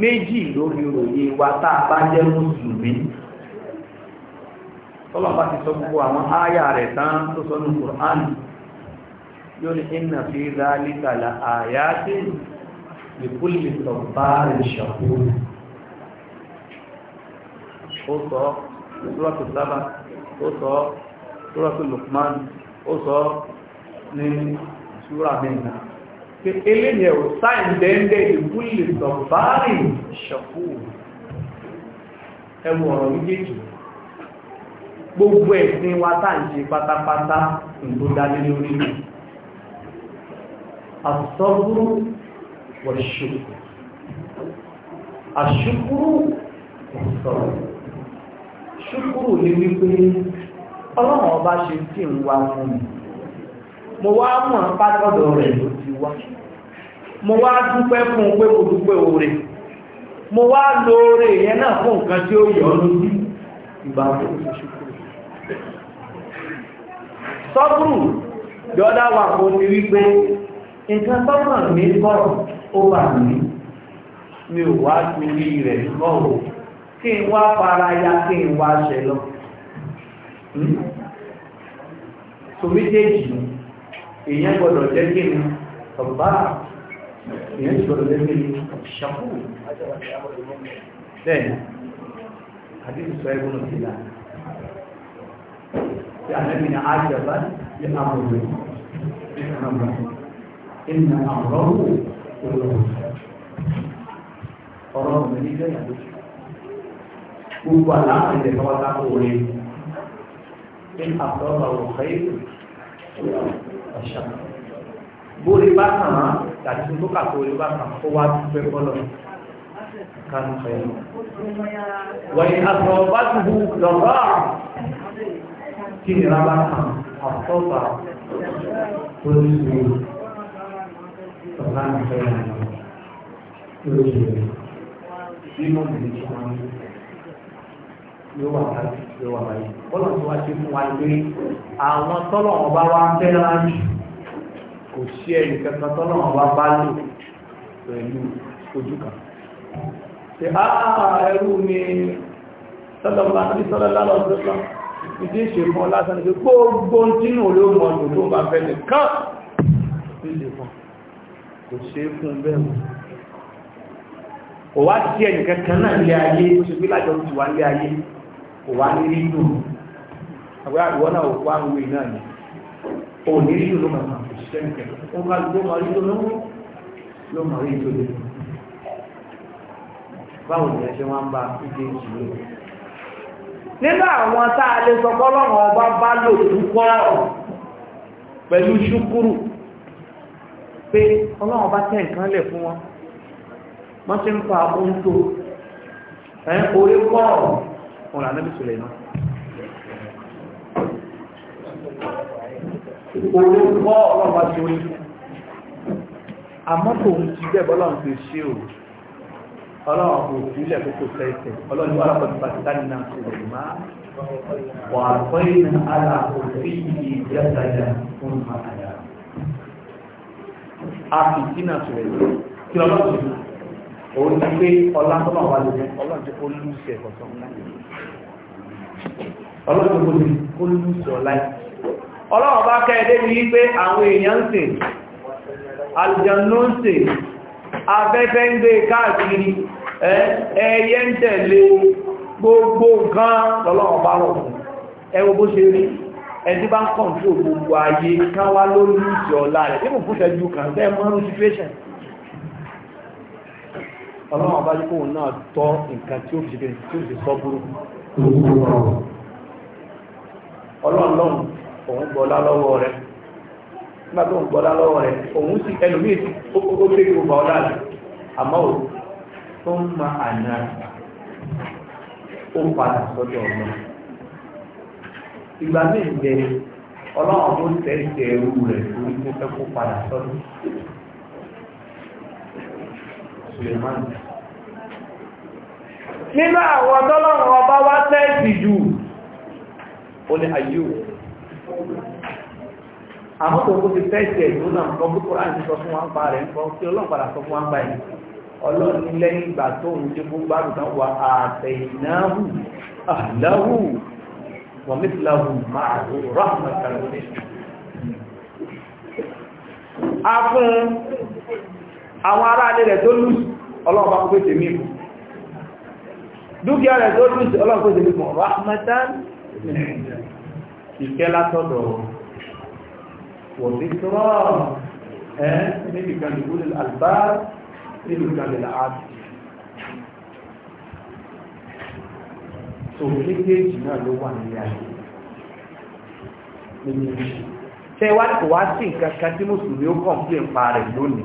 A: méjì lórí ròyìn wa tá a bá jẹ́ mùsùlùmí tọ́lọ̀ bá ti sọ gbogbo àwọn ááyà rẹ̀ tán tó sọ ní Kùránì yóò ní inna fi dhalika la ayatin li kulli sabbarin shakur ó sọ sọ́rọ̀tù sábà ó sọ sọ́rọ̀tù lukman ó sọ ní ṣúra mẹ́ta pé eléyẹ̀ ò sáìn dẹ́ndẹ́ sọ̀bárì ẹwọ ọ̀rọ̀ méjèèjì gbogbo ẹ̀sìn wa tá ń ṣe pátápátá ìlú dálé lórí àtọ́gbúrú wọ̀ṣùkú ṣúkúrù ní wípé ọlọ́run ọba ṣe tí ń wá mo wá mọ̀ pátọ́dọ̀ rẹ̀ ló ti wá mo wá dúpẹ́ fún un pé mo dúpẹ́ oore mo wá lo oore yẹn náà fún nǹkan tí ó yọ lójú ìgbà yọ́dá wà kó ní wípé nǹkan tọ́kàn mi kọ́ ó bà mi ò wá rẹ̀ kí n wá fara ya kí n wá ṣẹ lọ hmm? so méjèèjì èèyàn gbọdọ̀ jẹ́ kí n ọ̀bá èèyàn gbọdọ̀ jẹ́ kí n ṣàkó bẹ́ẹ̀ àdíjù sọ ẹgbùn náà sílá tí a lẹ́mìn àjẹ́bá ní àmọ̀rẹ̀ ìnà àmọ̀rọ̀ òwúrọ̀ ọ̀rọ̀ òmìnirí jẹ́ ìyàdójú gbogbo àlàáfà ìdẹ̀ kan wá sáfò orí ní àtọ́lá òkèèrè ọ̀ṣà bóri bá kàn án tàbí tó kà bóri bá kàn kó wá dúpẹ́ bọ́lọ̀ kánú fẹ́
B: wọ́n àtọ̀ bá dùbù lọ́rọ́ kí ni rábà kàn àtọ́lá oríṣi ọ̀gá nìfẹ́ rẹ̀ lórí rẹ̀ nínú ìdíje wọn
A: yóò wà láyé yóò wà láyé bọ́lá tí wàá ṣe fún wa pé àwọn tọ́lọ̀ ọba wa fẹ́ràn jù kò sí ẹnì kankan tọ́lọ̀ ọba bá lò pẹ̀lú ojú kan. ṣe á ẹrú ni sọ́dọ̀mọ́ àti sọ́dọ̀lá lọ sí ọ̀sán ìdí ìṣe fún ọ lásán ní pé gbogbo tínú ló mọ ọdún tó bá fẹ́ nìkan ìdí fún
B: kò ṣe é fún bẹ́ẹ̀ mọ́
A: kò wá sí ẹnì kankan náà lé ayé ó ṣe pé lájọ ti wá lé ayé kò wá ní rí dùn àwọn àdúgbò náà ò wá wí ni ò ní rí ló máa máa ṣiṣẹ́ nìkẹ́ ó máa ló máa rí lọ́wọ́ ló máa rí dùn lọ́wọ́ báwo ṣe wá bá ìdí ìṣòro nínú àwọn tá a lè sọ kọ́lọ́run ọba bá lò dúpọ́ pẹ̀lú ṣúkúrù pé ọlọ́run bá tẹ́ nǹkan lẹ̀ fún wọn wọ́n ti ń pa ohun ẹ̀ orí pọ̀ òun là nẹ́bí sùlẹ̀ náà.
B: orúkọ ọlọ́pàá ti orí
A: àmọ́ tòun ti dẹ́gbọ́ ọlọ́run ti ṣe o ọlọ́run kò sí ilẹ̀ kókò sẹ́ẹ̀sẹ̀ ọlọ́run wà lọ́pọ̀ nípa ti dání náà sọ̀rọ̀ má wà pẹ́ ní ara òfin ìjẹ́sàjà fún ìmọ̀ àyà. a fi sí náà sọ̀rọ̀ kí ọlọ́run òun ní pé ọlá tó náà wà lórí ọlọ́run tó kó lùsẹ̀ ọ̀tọ̀ ńlá ọlọ́run tó kó lùsẹ̀ ọ̀lá yìí ọlọ́run bá kẹ́ ẹdé ní pé àwọn èèyàn ń sè àlùjànnú ń sè afẹ́fẹ́ ń gbé káàkiri ẹyẹ ń tẹ̀lé gbogbo nǹkan lọ́lọ́run bá rọ̀ fún ẹwọ bó ṣe rí ẹni ọlọ́run ọba yípo náà tọ́ nǹkan tí ó fi ṣe tí ó fi sọ burú ọlọ́run lọ́hùn òun gbọ́lá lọ́wọ́ rẹ̀ nígbà tó ń lọ́wọ́ rẹ̀ òun sì ẹlòmíì tí ó fẹ́ kí ma anya. O padà sọ́dọ̀ ọ̀nà Suleiman nínú àwọn tọ́lọ́run ọba wá tẹ́ẹ̀sì jù ó ní ayú àwọn tó kó ti tẹ́ẹ̀sì ẹ̀yìn ó náà kọ́ púpọ̀ láti sọ fún wa ń pa rẹ̀ ń kọ́ tí ọlọ́run padà sọ fún wa ń pa ẹ̀yìn ọlọ́run ní lẹ́yìn ìgbà tó ń dé fún àwọn ará alẹ́ rẹ̀ tó lùsì ọlọ́run bá pèsè mí fún dúkìá rẹ̀ tó lùsì ọlọ́run pèsè mí fún rahmatan ìfẹ́ látọ̀dọ̀ wọ̀n sí tọ́rọ̀ ẹ́ níbi kan lè kúrò àlbá níbi kan lè láàbì òun méjèèjì náà ló wà nílé ayé nínú ìṣẹ́ tẹ́wàá kò wá sí nǹkan kan tí mùsùlùmí ó kàn fún ìpa rẹ̀ lónìí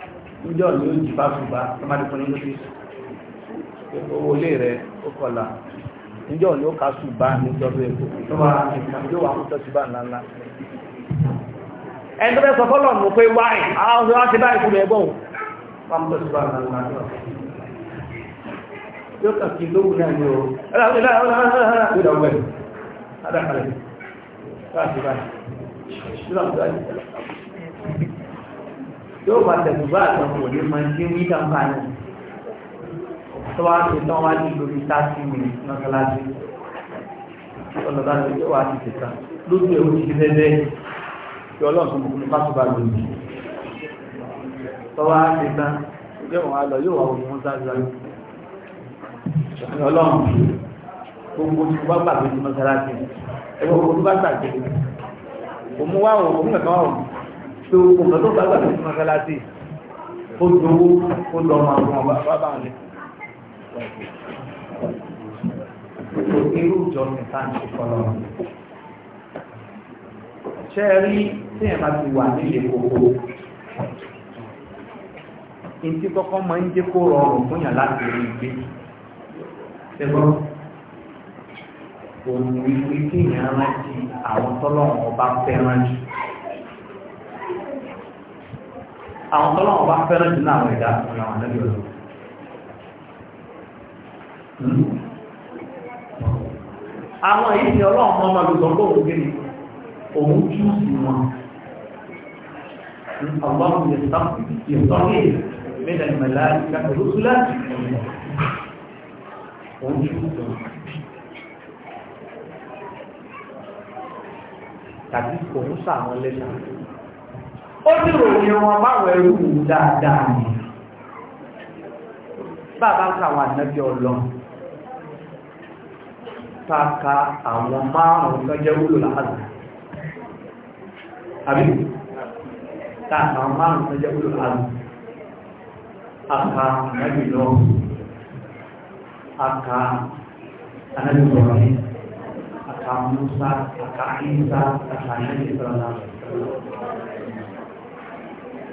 A: níjọ́ ni ó jì bá ṣùgbà lọ́mọdékùn ní lóṣù owó ilé rẹ̀ ó kọ̀lá níjọ́ ni ó ká ṣùgbà níjọ́ bẹ́ẹ̀ tó wà níjọ́ wà kó tọ́ ṣùgbà ńláńlá ẹni tó bẹ́ sọ fọ́lọ̀ mú pé wáì àwọn ọmọ láti báyìí fún ẹgbọ́n Thank you yóò bá tẹ̀sùgbà àtọ̀kùn òní máa ń dé wí kàmpánì tó wá ṣe tán wá ní lórí táàkì mi lọ́kọ́lájú ọlọ́dá ló yóò wá ti tẹ̀ka lójú ẹ̀wù ti fẹ́fẹ́ kí ọlọ́run tó kún pásù bá lòdì tó wá ṣe tán yóò wá lọ yóò wá òun mú sáájú ọlọ́run gbogbo tí wọ́n gbàgbé ní mọ́sálásí ẹ̀wọ̀n gbogbo bá gbàgbé òun wá òun kankan wà òun pé ogun kan tó bá gbà fún mọ́sálásí ó dowó ó lọ máa fún ọba bàbá rẹ̀. irú ìjọsìn tá à ń ṣe kọ́lọ́ ṣe é rí tí ẹ̀ máa ti wà nílé koko ìtí kọ́kọ́ máa ń jẹ́ kó rọrùn fún yàn láti rí gbé ṣẹ́gbọ́n òun ìwé kéèyàn rántí àwọn tọ́lọ́run ọba fẹ́ràn jù àwọn tọ́lọ́wọ́ bá fẹ́ràn jù náà ẹ̀dá àwọn ànábì ọ̀dọ́ àwọn èyí ni ọlọ́run mọ́ ọmọ lùsọ̀ tó òun gíní òun jú sí wọn ọlọ́run yẹ sọ́kì mẹ́ta ìmọ̀lá ìgbà pẹ̀lú lẹ́sàn-án ó sì ròyìn wọn báwọn ẹrú dáadáa ni bàbá ń kàwọn ànábì ọlọ pàkà àwọn márùn-ún tó jẹ́ wúlò láàrín àbí tàkà àwọn márùn-ún tó jẹ́ wúlò láàrín àkà ànábì lọ àkà ànábì lọ àkà Musa àkà Isa àkà ànábì lọ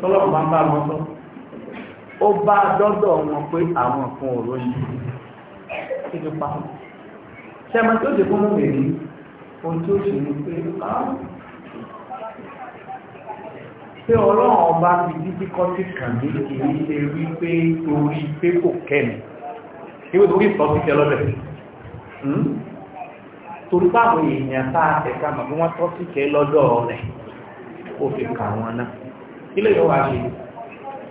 A: tọ́lọ́pù bá ń bá wọn sọ ó bá dọ́dọ̀ wọn pé àwọn fún ọ̀rọ̀ yìí kí ló pa ṣẹ́mọ tó ṣe fún mọ́mọ́ èyí ohun tí ó ṣe ni pé pé ah. ọlọ́run ọba fi dídí kọ́tì kàn ní kì í ṣe wí pé torí pé kò kẹ́mi ìwé torí ìtọ́ sí kẹlọ́bẹ̀ hmm? torí báwo èèyàn tá a tẹ̀ka mọ̀ bí wọ́n tọ́ sí kẹ lọ́dọ̀ rẹ̀ kó fi kà wọn náà Ile yóò wá ṣe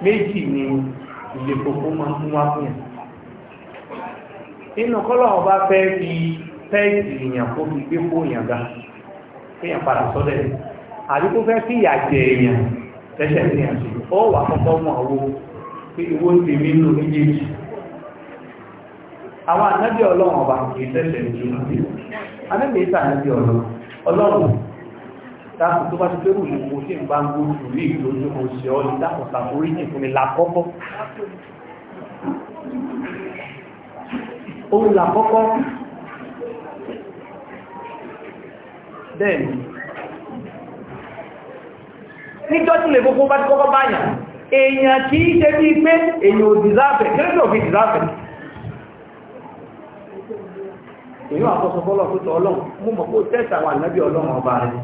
A: méjì ni ilé kòkó máa ń wá fún ọba fẹ́ fi pẹ́ẹ̀tì èèyàn kó fi gbé fún èèyàn ga kéèyàn padà sọ́dẹ̀ àbí kó fẹ́ fi ìyà jẹ èèyàn tẹ́sẹ̀ ní àṣẹ ó wà kọ́kọ́ mọ̀ owó pé ọba kì í tẹ́sẹ̀ ní ọlọ́run táàkù tó bá ti pérù ní kò sí ìbá ń gbó jù ní ìlójú oṣù ọ́ ní dákọ̀ sàkórí ní ìfúnni làkọ́kọ́ ohun làkọ́kọ́ bẹ́ẹ̀ni níjọ́ tí lè gbogbo bá ti kọ́kọ́ báyà èèyàn kì í ṣe bí pé èèyàn ò dìzáfẹ̀ kẹ́lẹ́dọ̀ fi dìzáfẹ̀ èyí àkọsọ̀fọ́lọ̀ tó tọ́ ọlọ́run mú mọ̀ kó tẹ́sà wà nábí ọlọ́run ọba rẹ̀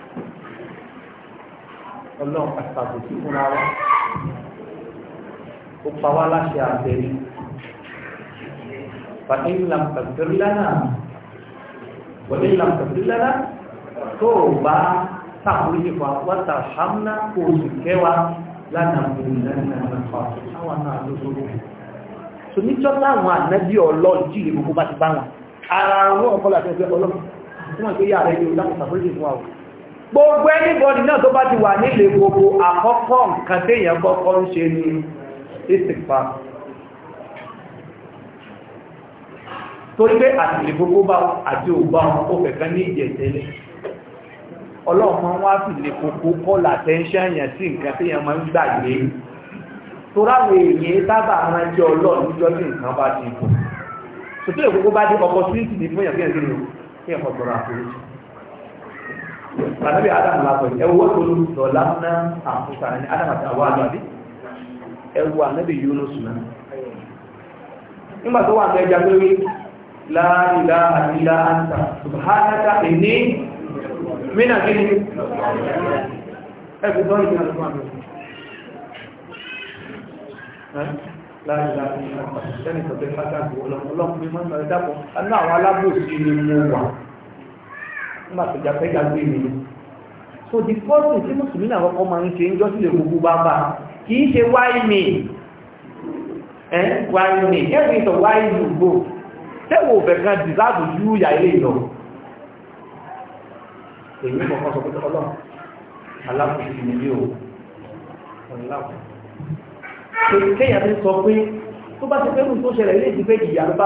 A: ọlọ́run àtàbòsí fúnra wa ó pa wá láṣẹ àbẹ̀rẹ̀ fàtí ńlá tàbí lánà wọlé ńlá tàbí lánà tó bá sàkúrúyè wa wọ́tà hamna oṣù kẹwàá lánàá bùrù lánàá nàkọ́ àwọn náà ló lórí so níjọ́ táwọn ànábí ọlọ́run jí ìrìn gbogbo bá ti bá wọn ara wọn ọkọlá tẹ́lẹ̀ ọlọ́run tí wọ́n tó yà rẹ̀ ní olákùnfà fún ìdí gbogbo anybody náà tó bá ti wà nílé gbogbo àkọ́kọ́ nǹkan téèyàn kọ́kọ́ ń ṣe ní ìsìnpa torí pé àtìlè gbogbo bá àti ògbà wọn kò fẹ̀kan ní ìjẹ̀tẹ́lẹ̀ ọlọ́ọ̀mọ wọn á sì lè kókó kọ́lá attention yẹn sí nǹkan téèyàn máa ń gbàgbé toráwọ̀ èèyàn sábà máa jẹ́ ọlọ́ọ̀ níjọ́ tí nǹkan bá ti sànàbí adam lásọ ẹwọ́ tó ló sọ a àfúsà ní adam àti àwọn àgbàbí ẹwọ́ ànábì Yunus náà nígbà tó wà ní ẹja pé la ilaha illa anta subhanaka inni mínà kí ni ẹgbẹ́ tó ń gbìyànjú fún àmì láìlá ní àpàtẹ́nìtọ̀ tẹ́ fásitì ọlọ́pùpù mímọ́ ìdápọ̀ anú àwọn alábòsí ni mo wà nígbà tó jà fẹ́jà gbé so the first thing tí mùsùlùmí náà kọ́kọ́ máa ń ṣe ń jọ́sí lè gbogbo bá bá kì í ṣe why me ẹ why me every time why you go tẹ́wọ̀ òfẹ́ kan dìsáàdù ju ìyá ilé ìlọ èyí kọ̀ọ̀kan sọ pé ọlọ́run alákòóso ni yóò ọ̀làwọ̀ kéèyàn ti sọ pé tó bá ti pé mú tó ṣẹlẹ̀ ilé ìdíbẹ́ ìyá ló bá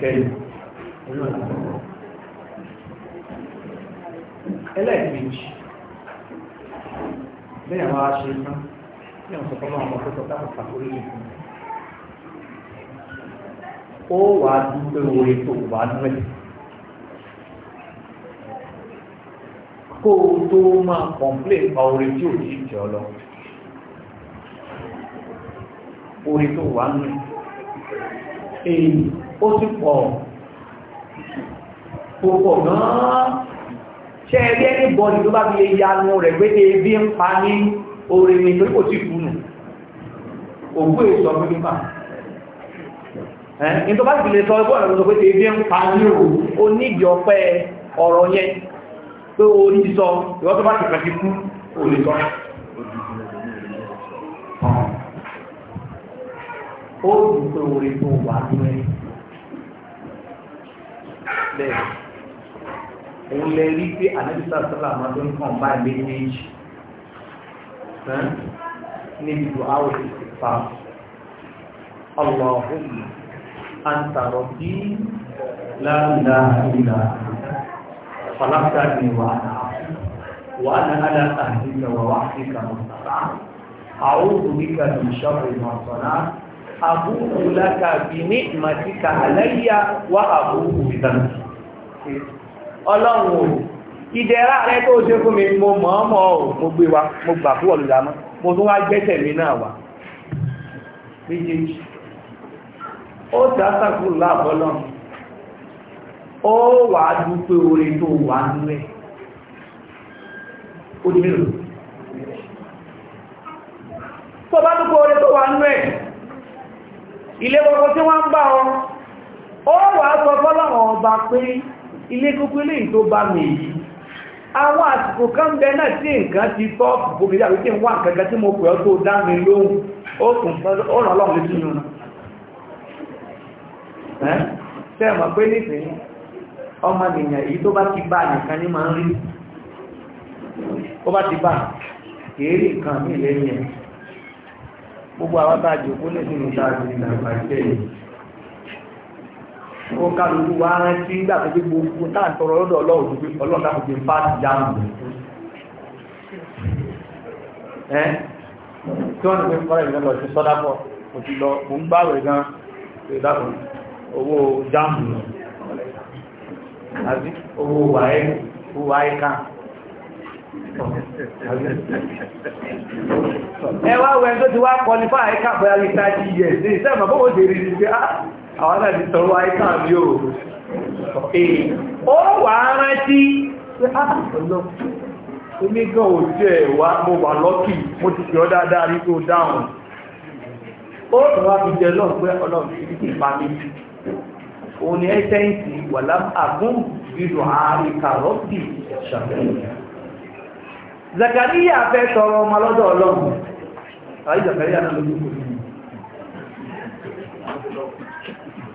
A: fẹ́ fi ẹlẹ́ẹ̀kejì lẹ́yìn àwọn aṣe iná ní àwọn ọ̀sọ̀kọ́lọ́ àwọn ọ̀sọ̀kọ́ táwọn pàtórí lè fún ó wà á dúpẹ́ orí tó wà á dúpẹ́ kó o tó máa kọ̀m̀plé pa orí tí ò ní ìjọ lọ orí tó wà á nù èyí ó ti pọ̀ ọ́ tó pọ̀ náà ṣe ẹ̀rí ẹni bọ́ọ̀lì tó bá fi yanu rẹ̀ pé ebi ń pa ní orí ni pé kò tí kú nù òkú èso ọ̀gbìn nípa ẹ̀ tó bá sì lè sọ ẹgbọ́n ọ̀rọ̀ pé ebi ń pa ní o ó nídìí ọpẹ́ ọ̀rọ̀ yẹn pé o ní sọ ìwọ́n tó bá sì fẹ́ kú ò lè sọ ó dùn pé orí tó wà nínú ẹ̀ bẹ́ẹ̀ òun lè rí pé ànábìsà sọ́là máa tó ń kàn bá ilé méjì níbi tó áwọ̀ ti ti pa Allahumma anta rabbi la ilaha illa khalaqtani wa ana wa ana ala ahdika wa wahdika mustata a'udhu bika min sharri ma sana'tu abu'u laka bi ni'matika alayya wa abu'u bi dhanbi ọlọ́run ò ìdẹ̀ra rẹ tó ṣe fún mi mo mọ̀ọ́mọ̀ ò mo gbé wa mo gbà fún ọ̀lùdámọ́ mo tún wá gbẹ́sẹ̀ mi náà wà méjèèjì ó ti àtàkùn láàbọ́lọ́ ó wà á dúpẹ́ orin tó wà nú ẹ̀ ó tó bá dúpẹ́ orin tó wà nú ilé kọ̀ọ̀kan tí wọ́n ń bá ọ ó wà á sọ fọ́lọ́run ọba pé ilé kókó ilé tó bá mi yìí àwọn àsìkò kan bẹ náà tí nǹkan ti tọ́ gbogbo ìyá wípé wà tí mo pè tó dá mi lóhùn ó kùn ọ̀rọ̀ ọlọ́run lójú yìí nà sẹ́ẹ̀mọ̀ pé nífẹ̀ẹ́ ọmọ nìyàn èyí tó bá ti bá nìkan ní máa ń rí ó bá ti bá kèérì nǹkan mí lẹ́yìn gbogbo àwọn tá a jòkó lẹ́sìn ìta àti ó kálukú wá rántí nígbà tó gbé gbogbo táà tọrọ lọ́dọ̀ ọlọ́run tó gbé ọlọ́run dákòókè bá ti jáàmù ẹ́ tí wọ́n ti gbé fọ́nrán ìgbà lọ sí sọ́dá pọ̀ mo ti lọ mo ń gbàwẹ̀ gan ìdáhùn owó jáàmù lọ àbí owó wàáyé àwọn náà ti sọ̀rọ̀ àìkà mi ò èyí ó wà rántí onígbà òjú ẹ̀ wá mo wà lọ́kì mo ti pẹ̀ọ́ dáadáa rí tó dáhùn ó tọ́wà fi jẹ lọ́pẹ́ ọlọ́run Zakariya fẹ́ tọrọ ọmọ lọ́dọ̀ ọlọ́run. Àyí Zakariya náà lójú kò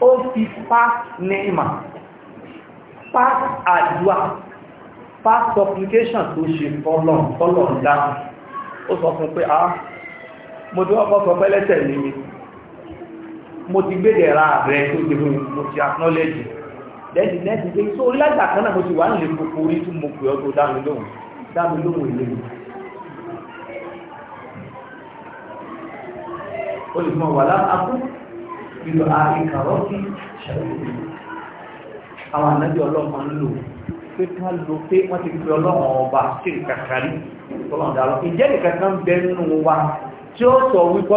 A: ó fi past nema past àdúà past supplication tó ṣe fọ́lọ̀ fọ́lọ̀ dáhùn ó sọ fún pé a ah, mo tí wọ́n kọ́kọ́ pẹ́ lẹ́sẹ̀ ní mi mo ti gbédè ra rẹ̀ tó ti fún mo ti acknowledge then the next day so lágbà kan náà mo ti wà nílé gbogbo orí tí mo pè ọ́ tó dá mi lóhùn dá mi lóhùn ìlé mi
B: olùmọ̀ wà láàkú
A: lílo àìkàrọ́tì ṣàlùmí àwọn ànábì ọlọ́mọ ń lò pé ká lo pé wọ́n ti fi ọlọ́mọ ọba sí ìkàkà rí ọlọ́mọ dàlọ́ ìjẹ́ nìkan kan bẹ nínú wa tí ó sọ wípé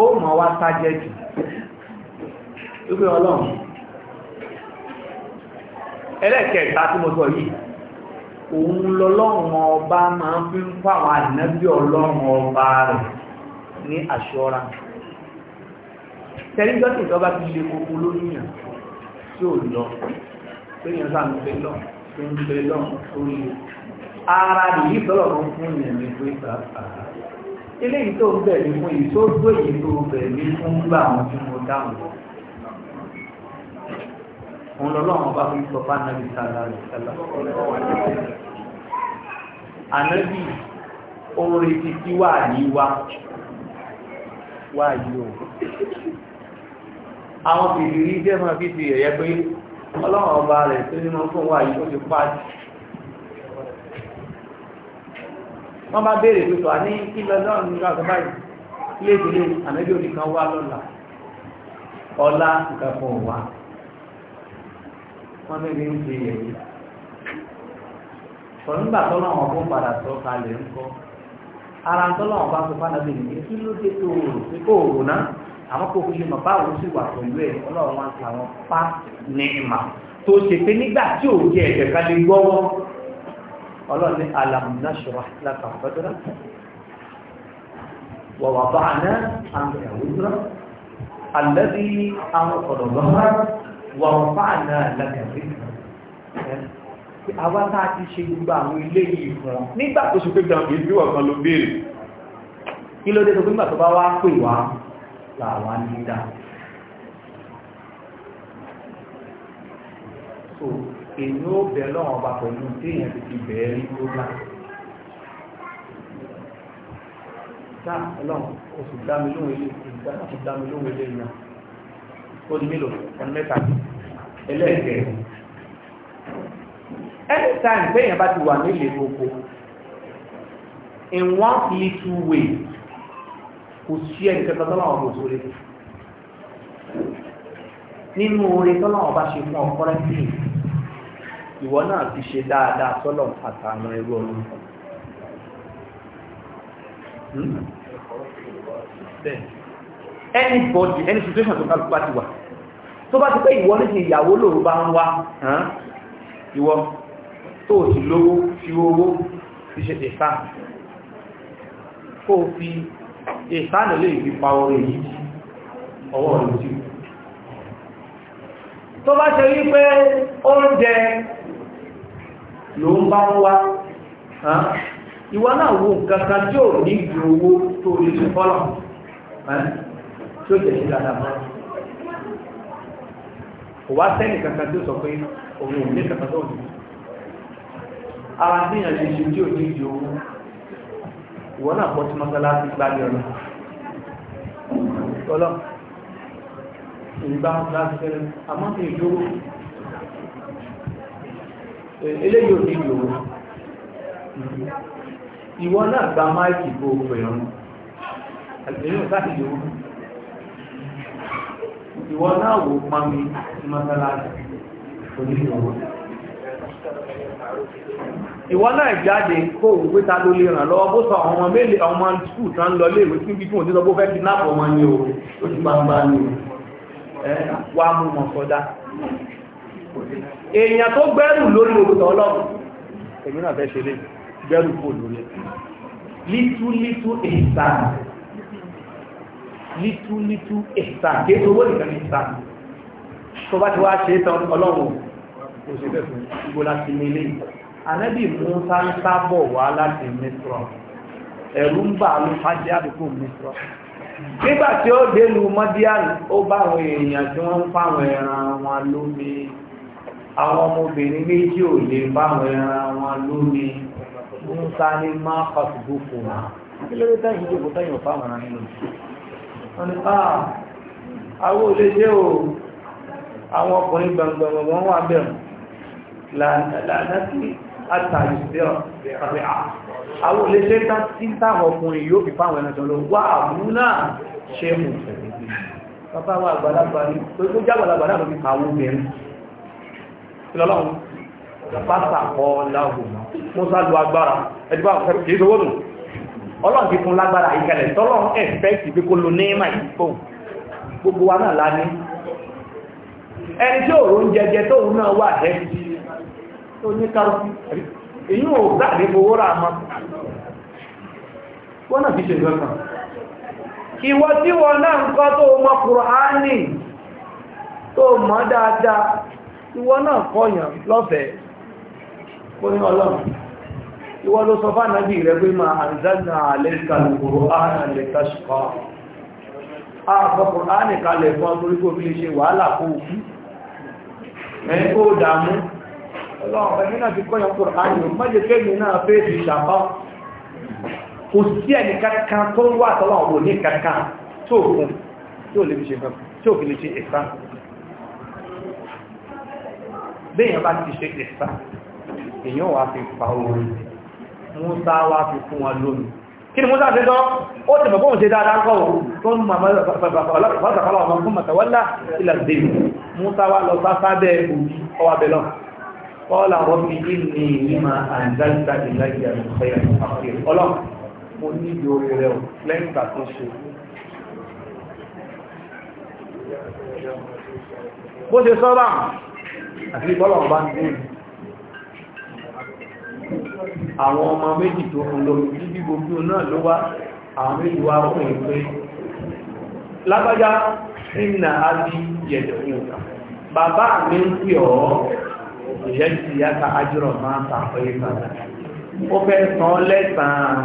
A: ó mọ̀ wá sájẹ́ jù wípé ọlọ́run ẹlẹ́kẹ̀ẹ́ta tí mo sọ yìí òun lọ́lọ́run ọba máa fi ń fún àwọn ànábì ọlọ́run ọba rẹ̀ ní àṣọra tẹ́lí jọ́sìn tó bá ti lè koko lóníyàn tí ò lọ péyàn sáà ń pè lọ tó ń pè lọ tó lè ara nìyí tọ́lọ̀ ló fún yẹn ní pé pàápàá eléyìí tó ń bẹ̀ ní fún yìí tó gbé yìí bẹ̀ ní fún gbà wọn tí mo dáhùn òun lọ́lọ́run bá fi sọ fún anabi sàlá rẹ̀ sàlá. anabi ó ń retí tí wàá yí wá wàá yí o. àwọn bìbìrì jẹ́ máa fi ti ẹ̀yẹ pé ọlọ́run ọba rẹ̀ tó ní máa fún wàá yí ó ti pa á. wọ́n bá béèrè pé sọ àní kí lọ́lọ́run ní káàkiri báyìí léèdè lé ànábì oníkan wá lọ́la ọlá nǹkan kan wà wọ́n níbi ń ṣe yẹ̀wò pọ̀ nígbà tọ́lọ́wọ́n kó padà sọ kalẹ̀ ń kọ́ ara tọ́lọ́wọ́n bá sọ fún anábìyẹn ní kí ló dé tó o rò pé kó o rò náà àwọn kò fi mọ̀ báwo sì wà pẹ̀lú ẹ̀ ọlọ́run wá sí àwọn pa ní ìmà tó ṣe pé nígbà tí ò jẹ́ ẹ̀jẹ̀ ká lè gbọ́wọ́ ọlọ́run ní alamunasọ̀rọ̀ láta ọ̀fẹ́dọ́rà wọ̀wà bá àná àmì ẹ̀wùdúrà àlẹ́bí àwọn ọ̀dọ̀gbọ́n wà fáànà lẹ́kẹ̀ẹ́ àwa tá a ti ṣe gbogbo àwọn ilé yìí fún ọ nígbà tó ṣe pé gan kìí bí ọ̀kan ló béèrè kí ló dé tó gbígbà tó bá wá pè wá làwa ní dá so èyí ó bẹ̀ lọ́wọ́ ọba pẹ̀lú tí èèyàn ti ti bẹ̀ẹ́ rí ló dá ọlọ́run oṣù dámi lóhun ilé ìgbà láti náà ó di mélòó ọ̀nà mẹ́ta ẹlẹ́ẹ̀kẹ́ anytime bẹ́yàn bá ti wà nílé gbogbo in one little way kò sí ẹni kẹta tọ́láwọn ọmọ òṣèré nínú oore tọ́láwọn bá ṣe fún ọkọ́rẹ́ sí ìwọ náà ti ṣe dáadáa tọ́lọ̀ àtàwọn ẹrú ọ̀run hmm? bẹ́ẹ̀ anybody any situation tó kálukú bá ti wà tó bá ti pé ìwọ ní ti ìyàwó lòrò bá ń wá ìwọ tó sì lówó fi owó ti ṣe ìfà kó fi ìfà nílé ìfipa orí yìí ọwọ́ rẹ̀ tí tó bá ṣe wípé oúnjẹ ló ń bá ń wá ìwọ náà wo nǹkan kan tí ò ní ìgbì owó tó lè ṣe fọ́lọ̀ tó jẹ́ sí dáadáa mọ́. Kò wá sẹ́ni kankan tó sọ pé òun ò ní kankan tó ní. Ara tí èèyàn lè ṣe tí ò ní ju owó. Ìwọ náà pọ̀ sí mọ́sálásí gbáàlì ọ̀nà. Tọ́lọ́, ìgbà mọ́sálásí fẹ́rẹ́, àmọ́ ti ìdúró.
B: Eléyìí ò ní ju owó.
A: Ìwọ náà gba máìkì bó o Àgbẹ̀yìn ò sáà ti owó ìwọ náà wò pa mi àti mọ́sálásí oníṣòwò. ìwọ náà jáde kó òun pé ta ló lè ràn lọ́wọ́ bó sọ àwọn ọmọ mélòó ọmọ skul tán lọ léèwé tí bí tí wọ́n ti sọ bó fẹ́ ọmọ ni o ó ti gbangba ni o wá mú mọ̀ sọ́dá. èèyàn tó gbẹ́rù lórí òkúta ọlọ́run èmi náà fẹ́ ṣe lé gbẹ́rù kò lórí lítú lítú èyí lítú lítú ìsà kéèkó owó nìkan ní ìsà tó bá ti wá ṣe tán ọlọ́run òṣèlẹ̀ fún ìgbòlá ti nílé ànábì Mùsá ń sábọ̀ wá láti Mísírà ẹ̀rù ń bà ló fájẹ́ àdúgbò Mísírà nígbà tí ó délu mọ́díàn ó bá àwọn èèyàn tí wọ́n ń fáwọn ẹran wọn lómi àwọn ọmọbìnrin méjì ò lè fáwọn ẹran wọn lómi Mùsá ní má kọ̀tùbù fòrà kí lórí tẹ́yìn ìjọba lómi wọ́n ni ah awó olè ṣe o àwọn ọkùnrin gbọmgbọmọ wọn wà bẹ̀rù lànàtí àtàrí ìsẹ́rọ̀ àwọn olè ṣe tí táwọn ọkùnrin yóò fi fáwọn ẹ̀nà jọlọ wà mú náà ṣe mú bàbá wa àgbàlagbà ní tó tó jágbàlagbà náà ló fi kàwó bẹ̀rù ìlọ́lọ́run pásà kọ́ láhùn mọ́sá lu agbára ẹ̀dùbà kìí sọ wọ́dùn ọlọ́run ti fún lágbára ìkẹlẹ̀ tọ́lọ́run ẹ̀fẹ́ẹ̀sì pé kó lo gbogbo wa náà láni ẹni tí òòrò ń jẹjẹ tóun náà wà jẹ́ tó ní kárù èyí ò gbà ní owó rà mọ́ wọ́n náà fi ṣe ìwọ́n kan ìwọ tí náà ń kọ́ tó kùránì tó dáadáa náà lọ́fẹ̀ẹ́ kó ní ọlọ́run ìwọ ló sọ fún ànábì rẹ̀ pé ma anzalna alayka al-Qur'ana litashqa àpapọ̀ ánìkalẹ̀ fún agbórígbò fi lè ṣe wàhálà kó òkú ẹni kó dàmú ọlọ́run ẹni náà ti kọ́yàn pọ̀ ánìyàn mọ́jẹ̀ kéèmì náà bá ti ṣe ẹ̀fà èèyàn wà fi pa orin Musa wá fi fún wọn lómi kí ni Musa ṣe tọ́ ó tẹ̀mọ̀ kóhùn ṣe dáadáa kọ́ tó ń mọ̀ mọ́sàkọ́lá ọmọ fún mọ̀tàwọ́lá ilẹ̀ dèbì Musa wá lọ sáfábẹ́ òbí ọwà bẹ̀lọ́ kọ́lá rọ́bì ìní mímọ̀ àǹdáńdá ìlàjì àrùnkọ́yà ọlọ́ mo ní ìdí orí rẹ̀ lẹ́yìn ìgbà àti ìbọ́lọ̀ ọba ń dúró àwọn ọmọ méjì tó fún lórí níbi gbogbo náà ló wá àwọn méjì wá fún ìpé lágbájá ìnà àbí yẹ̀dẹ̀ fún ìta bàbá mi ń pè ọ́ ìyẹ́ ti yáta ajúrọ̀ máa ń tàpẹ́ ìpàdà ó fẹ́ tán lẹ́sàn-án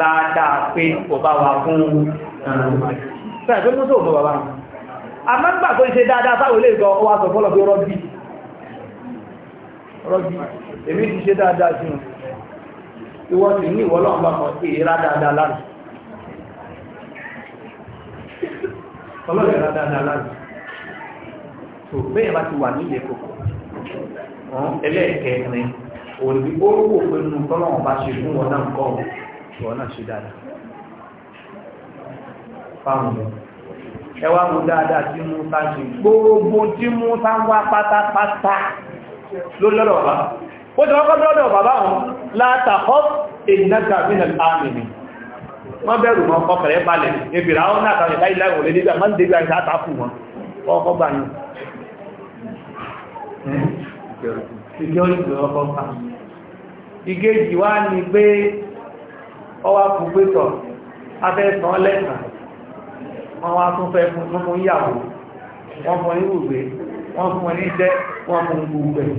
A: ládàá pé kò bá wa fún àmọ́gbà tó ṣe dáadáa sáwọn ilé ìgbà ọwọ́ àtọ̀fọ́lọ̀ bí rọ́bì èmi ti ṣe dáadáa sí wọn ìwọ sì ní ìwọ lọ́wọ́ bá mọ̀ sí ìrá dáadáa lánàá ọlọ́rẹ̀ ìrá dáadáa lánàá tó bẹ́ẹ̀ bá ti wà nílé kòkó ẹlẹ́ẹ̀kẹrin òní ó wò pé nínú tọ́lọ́wọ́n bá ṣe fún wọn náà kọ́ wọn náà ṣe dáadáa fáwọn ọmọ ẹ wá mú dáadáa tí mú sáà ṣe gbogbo tí mú sáà wá pátápátá lórí ọ̀rọ̀ bá ó ti wọ́n kọ́ dọ́dọ̀ bàbá wọn látàkọ́ ìnáka mínà àmìnì wọ́n bẹ̀rù wọn kọkẹ̀rẹ́ balẹ̀ ebìrà wọn náà kàrẹ̀ láìláì wọlé nígbà má ń dégbà ìta àtàkù wọn ọkọ̀ gbà yìí ìgé olùgbé ọkọ̀ gbà ìgé jì wá ní pé ọwá kù pé tọ̀ afẹ́sàn lẹ́sàn wọ́n fún yàwó wọ́n wọ́n fún ní jẹ́ wọ́n fún gbogbo ẹ̀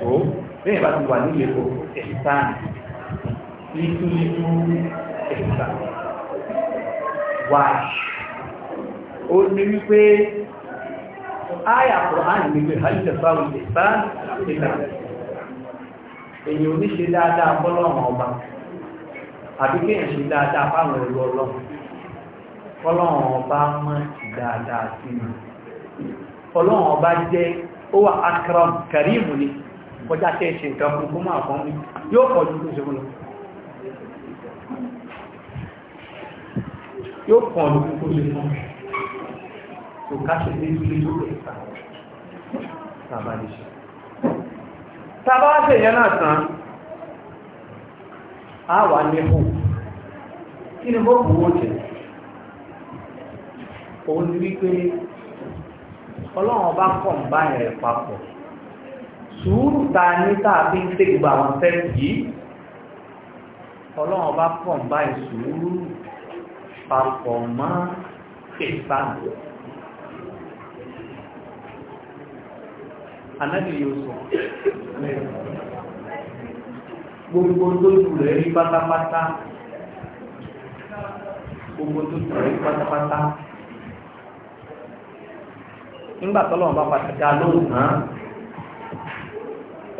A: tó bẹ́ẹ̀ bá ti wà nílé kò ẹ̀sán lítúlítú ẹ̀sán wáṣ ó ní wípé
B: áyà kùránì ní pé
A: hajj fáwọn ẹ̀sán ìlà èyí oníṣe dáadáa fọ́lọ́run ọba àbí kéèyàn ṣe dáadáa fáwọn ẹ̀rọ ọlọ́run fọ́lọ́run ọba mọ́ dáadáa sí mi fọ́lọ́run ọba jẹ́ ó wà akram karim ni kọjá tẹ́ ṣe nǹkan fún fún máa fún mi yóò pọ̀ jù tó ṣe fún yóò pọ̀ jù tó ṣe fún tó káṣe ní ilé tó rẹ̀ tàbá lè ṣe tàbá ṣe yẹn náà tán á wà ní hù kí ni bó kù ó jẹ òun ni wípé ọlọ́run bá kọ̀ ń bá yẹn papọ̀ sùúrù ta ní tàbí ń tẹ́ gbogbo àwọn fẹ́ yìí ọlọ́run bá pọ̀ bá ìsùúrù papọ̀ mọ́ ìsàmù anábì yóò sọ gbogbo tó jù rẹ̀ rí pátápátá gbogbo tó jù rẹ̀ rí pátápátá nígbà tọ́lọ́run bá pàtàkì alóhùn náà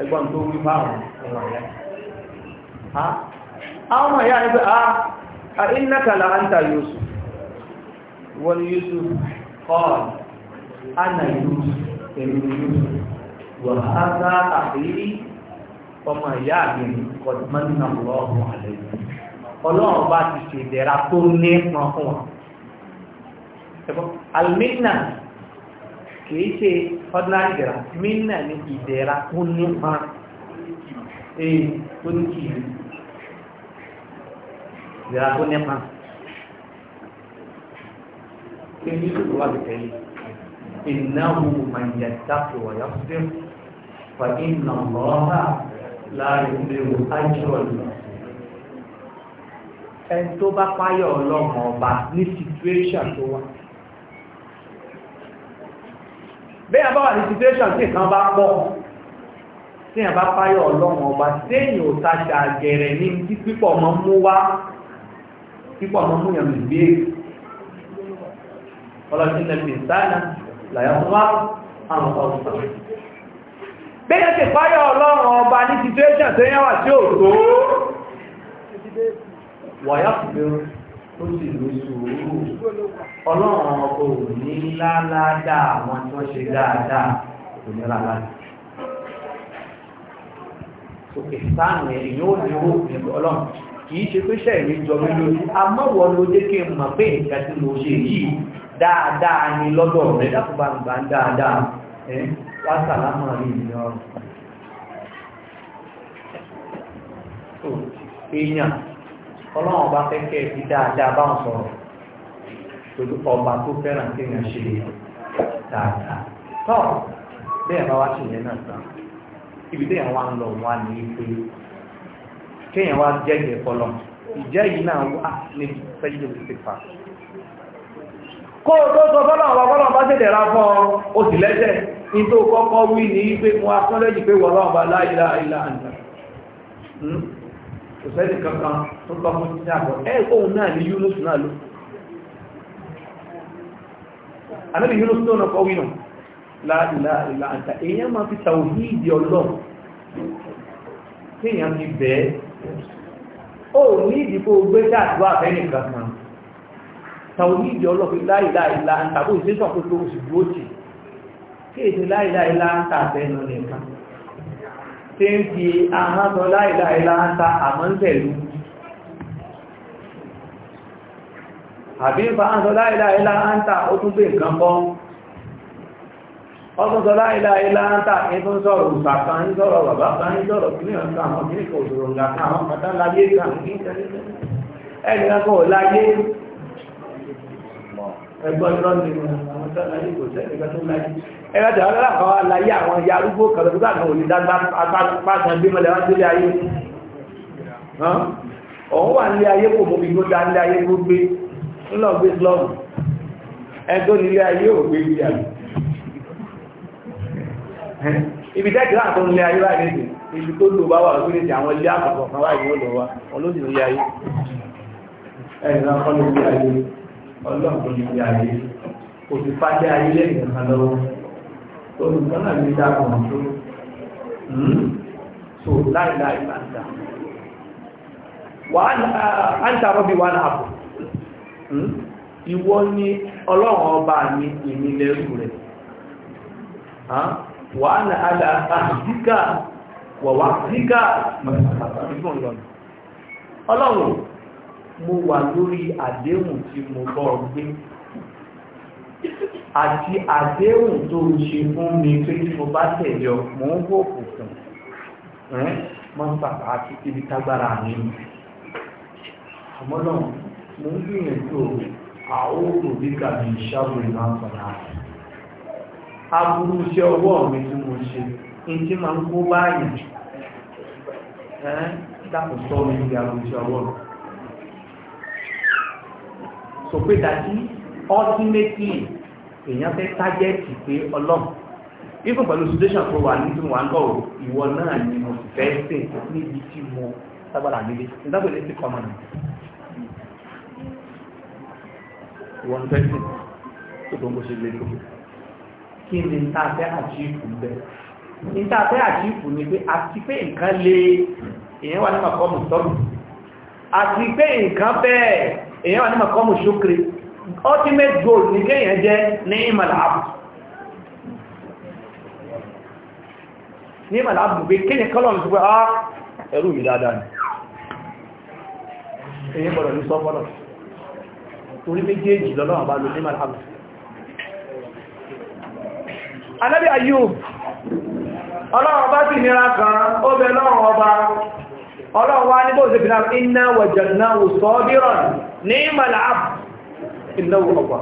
A: ẹgbọ́n tó wí fáwọn ọmọ ìyá àwọn ọmọ ìyá ẹgbẹ́ a ìnákàlà àǹtà Yusuf wọ́n Yusuf kọ́ọ̀lù ana Yusuf èmi Yusuf wọ́n á sá àfihì ọmọ ìyá mi kọ̀dùmọ́nà ọlọ́run bá ti ṣèdẹ̀ra tó ní pọn fún wọn. almina kìí ṣe ordinary ìdẹ̀ra mínà ní ìdẹ̀ra tó nípa èyí tó ní kìí ìdẹ̀ra tó nípa èyí tó wà lè tẹ̀lé ìnáwó màjàdáfẹ́ wàyà fẹ́ fa iná lọ́ọ́rà láàrin léwu ájúrò lọ ẹni tó bá páyọ̀ ọlọ́mọ ọba ní situation tó wà bẹ́ẹ̀ bá wà ní situation tí nǹkan bá pọ̀ tí èèyàn bá páyọ̀ ọlọ́run ọba tí èèyàn ò tajà gẹ̀rẹ̀ ní tí pípọ̀ mọ́ mú wá pípọ̀ mọ́ mú yàn lùgbé ọlọ́sìn lẹ́fì sáyà làyàwó wá àwọn ọ̀sán bẹ́ẹ̀ ti páyọ̀ ọlọ́run ọba ní situation tí èèyàn wà tí ò tó wọ̀yá kùbẹ̀rún ó sì ló sùúrù ọlọ́run ọkọ̀ ò ní láládá àwọn tí wọ́n ṣe dáadáa kò ní láládá òkè sáàmù ẹ̀ yóò ní owó ìlú ọlọ́run kì í ṣe pé ṣẹ̀rí jọ mí lójú amọ́wọ́ ló jẹ́ kí n mọ̀ pé nǹkan tí mo ṣe yìí dáadáa ni lọ́dọ̀ rẹ̀ dákúbà ń gbà dáadáa ẹ̀ wá sàlámà rí ìlú ọrùn ọlọ́run bá fẹ́ kẹ́ ẹ̀bí dáadáa bá ń sọ̀rọ̀ pẹ̀lú ọba tó fẹ́ràn kí èèyàn ṣe dáadáa tọ́ bẹ́ẹ̀ bá wá ṣèyẹn náà tán ibi tẹ́yàn wá ń lọ wá ní ipe kéèyàn wá jẹ́jẹ́ fọlọ́ ìjẹ́ yìí náà wá ní fẹ́jì tó ti fà kó o tó sọ fọlọ́ ọ̀rọ̀ fọlọ́ bá ṣèdè ra fọ́ o sì lẹ́jẹ̀ ní tó kọ́kọ́ wí ní ipe mo akọ́lẹ́jì pé wọ́n lọ́wọ́ bá láìláìláìláì kò sẹ́ni kankan tó bá fún títí àbọ̀ ẹ̀ òun náà ní Yunus náà ló anábì Yunus tó nà kọ́wé nà láàrínlá ìlà àtà èèyàn máa fi tàwíìdì ọlọ́run tí èèyàn fi bẹ́ẹ̀ ó ní ìdìbò gbé dáàdúrà fẹ́nìkan kan tàwíìdì ọlọ́run láìlá ìlà àtà bó ìṣẹ́sọ̀ pé kó o sì dúró tì kí èdè láìlá ìlà àtà tí ń fi ahán sọ láìláìlá ń ta àmọ́ǹtẹ̀lú àbí ń fa ahán láìláìlá ń ta ó tún pè nǹkan bọ́ ọdún sọ láìláìlá ń ta ní sọ̀rọ̀ ń sọ̀rọ̀ bàbá ní ẹ̀rọ jẹ́ ọlọ́lá kan wá láyé àwọn ìyá arúgbó kan lọ́dún láti òní dágbà pàtàkì gbé mọ́lẹ̀ wá sí ilé ayé ọ̀hún wà nílé ayé kò mú igbó dá nílé ayé kó gbé ńlọ gbé slọ́ọ̀mù ẹgbẹ́ nílé ayé ò gbé ìyá ibi tẹ́kì láàtọ́ nílé ayé wà ní ibi tó lò bá wà lórí ti àwọn ilé àkọ́kọ́ kan wáyé ó lọ wá olóòdì nílé ayé ẹ̀rọ ọkọ̀ ayé kò sì fájẹ́ ayé lẹ́yìn kan lọ́wọ́ olùkọ́ náà hmm? ní dáa kan so bí náà hmm? ìwọ ni ọlọ́run ọba mi ìmìlẹ̀rù rẹ̀ wàá àlà àdíkà àdíkà ọlọ́run mo wà lórí àdéhùn àti àdéhùn tó ń ṣe fún mi pé tí mo bá tẹ̀lé ọ mò ń wò kùkùn mọ́ pàpà àti ibi tágbára mi àmọ́ náà mo ń gbìyànjú àókò bí kàbí ìṣàbò ìmáfọ̀nà aburú iṣẹ́ ọwọ́ mi tí mo ṣe ní tí máa ń kó báyìí dákùn sọ mi ní aburú iṣẹ́ ọwọ́ mi sọ pé dàtí ultimately èèyàn fẹ́ tájẹ́ẹ̀tì pé ọlọ́run even pẹ̀lú situation tó wà ní tí wọ́n gọ́ ìwọ náà ni mo sì fẹ́ sè níbi tí mo sábàlá nílé ìdábò ilé ti kọmọ nà ìwọ ń fẹ́ sè tó tó ń bó ṣe lè tó kí ni tá a fẹ́ àjíìkù bẹ́ ní tá a fẹ́ àjíìkù ni pé àti pé nǹkan lè èèyàn wà ní màkọ́mù sọ́rù àti pé nǹkan bẹ́ẹ̀ èèyàn wà ní màkọ́mù ṣókèrè ultimate goal ní kéèyàn jẹ́ ní ìmọ̀láàbù ní ìmọ̀láàbù pé kéèyàn kọ́lọ̀mù ah, sí pé á ẹrù mi dáadáa ni èyí gbọ́dọ̀ ní sọ́fọ́lọ̀ torí méjèèjì lọ́lọ́wọ́ bá lò ní ìmọ̀láàbù anábí Ayub ọlọ́run bá sì nira kan ó bẹ ọba ọlọ́run ìlọ́wọ́ ọ̀pá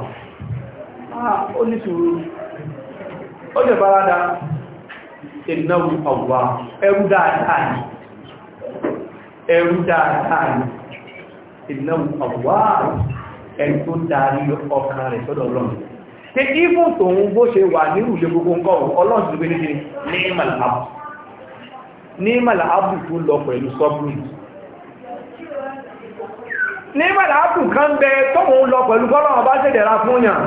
A: ah, ó ní sùúrù ó lè farada ìnáwó ọ̀wà ẹrú dáadáa ni ẹrú dáadáa ni ìnáwó ọ̀wà ẹni tó darí ọkàn rẹ̀ sọ́dọ̀ ọlọ́run tí ìfún tòun bó ṣe wà ní ìrùlé gbogbo nǹkan ọlọ́run ti gbé ní ní màlàábù tó lọ pẹ̀lú sọ́bùrù
B: ní màláàkù kan bẹ
A: tóhun lọ pẹ̀lú kọ́lọ̀wọ̀n bá ṣèdẹ̀ra fún yàn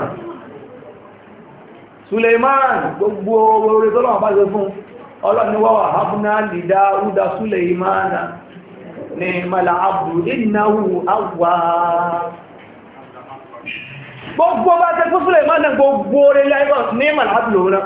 A: Suleiman gbogbo orí tọ́lọ̀wọ̀n bá ṣe fún ọlọ́niwọ́wà hafná lìdá údá Suleiman ní màláàkù ìnáwó àwà gbogbo bá ṣe Suleiman na gbogbo orí láìpọ̀ ní màláàkù lòrán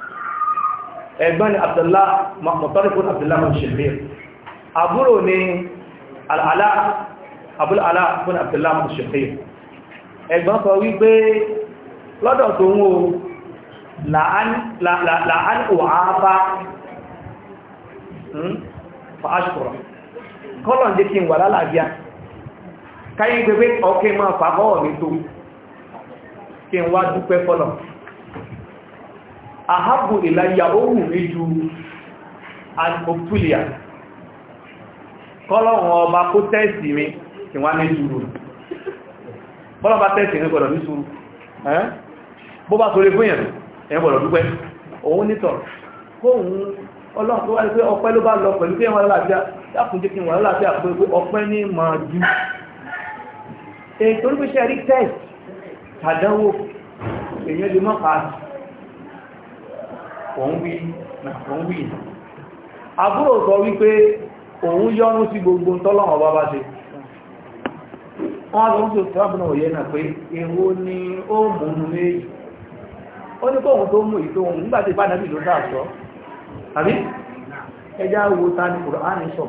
A: ẹ̀gbọ́n ni abdullah mọ̀tọ́rìkún abdullah mọ̀ṣẹ̀lẹ̀ àbúrò ni al'ala abúl'ala fún abdullah mọ̀ṣẹ̀lẹ̀ ẹ̀gbọ́n sọ wípé lọ́dọ̀ tó hmm? ń wo la'an òhàfá fa'ashkura kọ́lọ̀n jẹ́ kí n wà lálàáfíà káyí pé ọkẹ́ máa fà kọ́wọ̀ mi tó kí n wá dúpẹ́ kọ́lọ̀n ahabu ìlàyà ohun méjú almopulia kọ́lọ̀wọ̀n ọba kó tẹ́ẹ̀sì mi kí wá ní ṣúrù bọ́lọ̀bá tẹ́ẹ̀sì ní gbọ́dọ̀ ní ṣúrù bó bá torí fún ìyẹn ẹgbọ̀dọ̀ dúpẹ́ òun nítọ̀ kóhun ọlọ́run tó wá ní pé ọpẹ́ ló bá lọ pẹ̀lú pé wọn lálàáfíà dákùnjẹ́ kí wọn lálàáfíà pé ọpẹ́ ní máa jù èyí torí pé ṣe rí tẹ́ẹ̀sì tàdánwò èyí lè mọ́ pàásì òun wí nà òun nà àbúrò sọ wípé òun yọ́nú sí gbogbo tọ́lọ́wọ̀n bá bá ṣe wọ́n tó ń tó tọ́bùnà òye náà pé ni ó múnú méjì ó ní kóhun tó mú ìtò ohun nígbàtí bá ló dáàsọ́ àbí ẹjá wo ta ní ó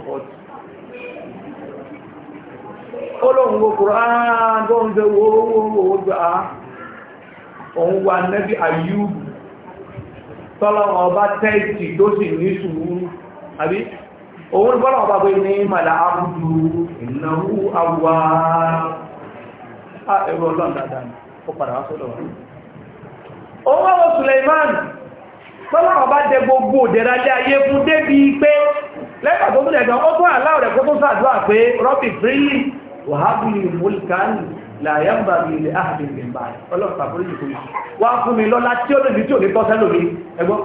A: wo owó owó tọ́lọ́wọ́ ọba tẹ́ẹ̀tì tó sì ní sùúrù àbí òun bọ́lá ọba pé ní màlá àbújú ìnáwó àwà ah, ẹ̀rọ ọlọ́run dáadáa ó padà wá sọ́dọ̀ wá òun wọ́n Suleiman tọ́lá ọba jẹ gbogbo òdẹ̀dájẹ́ ayé fún débi pé lẹ́gbà tó tún ẹ̀gbọ́n ó tún àláwọ̀ rẹ̀ kó tún sàdúrà pé rọ́bì frílì wàhábìlì mùlkánì làyàmbà mi lè áàbì mi bá yìí ọlọ́run pàpọ̀ lójú kò yìí wá fún mi lọ́lá tí ó lè ní tí ò ní tọ́sẹ́ lómi ẹgbọ́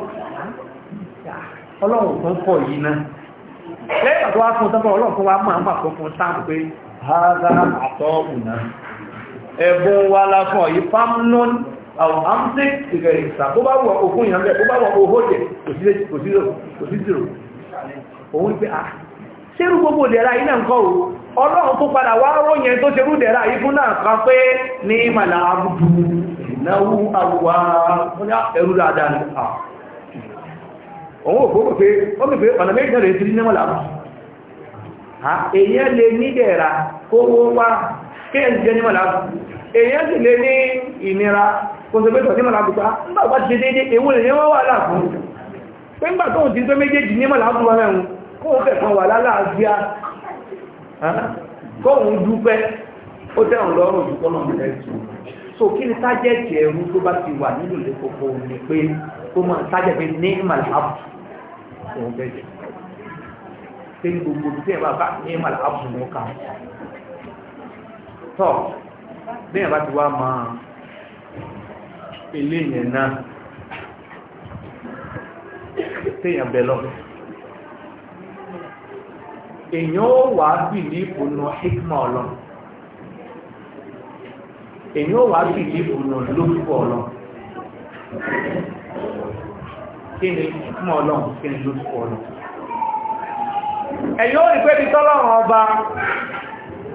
A: ọlọ́run tó ń pọ̀ yìí náà lẹ́yìn àti wá fún sọ́kọ̀ ọlọ́run tó wá mọ̀ àwọn àkọ́kọ́ sáàmù pé hàrá àtọ́ ònà ẹ̀bùn wa la fún ọ̀yí pamnon àwọn amsí ìgbẹ̀rẹ̀ ìsà bó ọlọ́run tó padà wá ròyìn tó ṣe rúdẹ̀rà ikú náà kan pé ní ìmàlà àbùdù ìnáwó àwùwá ah, ẹrù dáadáa ní à ah. òun ò gbogbo pé ó mì pé ọ̀nà méjì rẹ̀ sí ní mọ́lá èyàn lè ní dẹ̀ra kó wó wá kí ẹ̀ jẹ́ ní mọ́lá èyàn sì lè ní ìnira kò sọ pé tọ̀ sí mọ́lá gbogbo nígbà bá ti ṣe déédé èwo lè ní wọ́n mẹ́rin kó wà lálàáfíà kóhun dúpẹ́ ó dẹ̀rùn lọ́rùn ju kọ́nà rẹ̀ tù so kí ni tájẹ̀tì ẹ̀rú tó bá ti wà nílò lè kókó ni pé kó máa tájẹ̀tì ní màláàbù òun bẹ́ẹ̀ jẹ́ pé ní gbogbo tí ẹ̀ bá bá ní màláàbù ní ọkà tọ́ bí ẹ̀ bá ti wá máa eléyẹn náà téèyàn bẹ̀ lọ́wọ́ èèyàn ó wà bì ní ìbùnú hikma ọlọ́run èèyàn ó wà bì ní ìbùnú lórúkọ ọlọ́run kí ni hikma ọlọ́run kí ni lórúkọ ọlọ́run ẹ̀yìn ó rí pé ti tọ́lọ́run ọba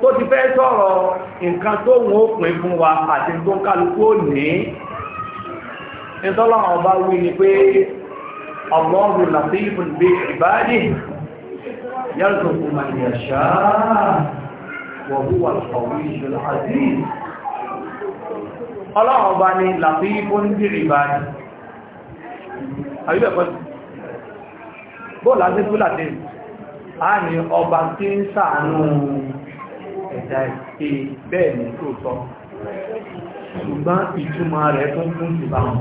A: tó ti fẹ́ sọ̀rọ̀ nǹkan tó wọ́n ó pín fún wa àti tó ń kálukú ó ní ní ọba wí ni pé Allahu latifun bi ibadihi
B: يرزق من يشاء
A: وهو القوي العزيز الله ọba لطيف làtífò ń bí ìbáyìí àyíbẹ̀kọ́ bóòlá sí tó láti a ní ọba tí ń ṣàánú ẹ̀dá ẹ̀ bẹ́ẹ̀ ní tó sọ ṣùgbọ́n ìtumọ̀ rẹ̀ tó kún sí báwọn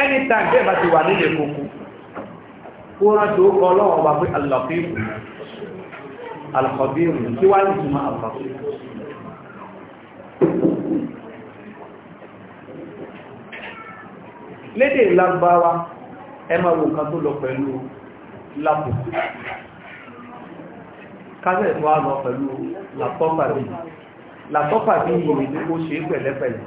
A: anytime bẹ́ẹ̀ bá ti wà nílé kòkó kó rántí ó kọ́ ọlọ́run ọba pé alàfíìmù alàfíìmù kí wá ní ìtumọ̀ alàfíìmù lédè lágbáwá ẹ máa wo nǹkan tó lọ pẹ̀lú lápò kásẹ̀ tó wá lọ pẹ̀lú làtọ́pàdé làtọ́pàdé yìí ni ó ṣe pẹ̀lẹ́pẹ̀lẹ́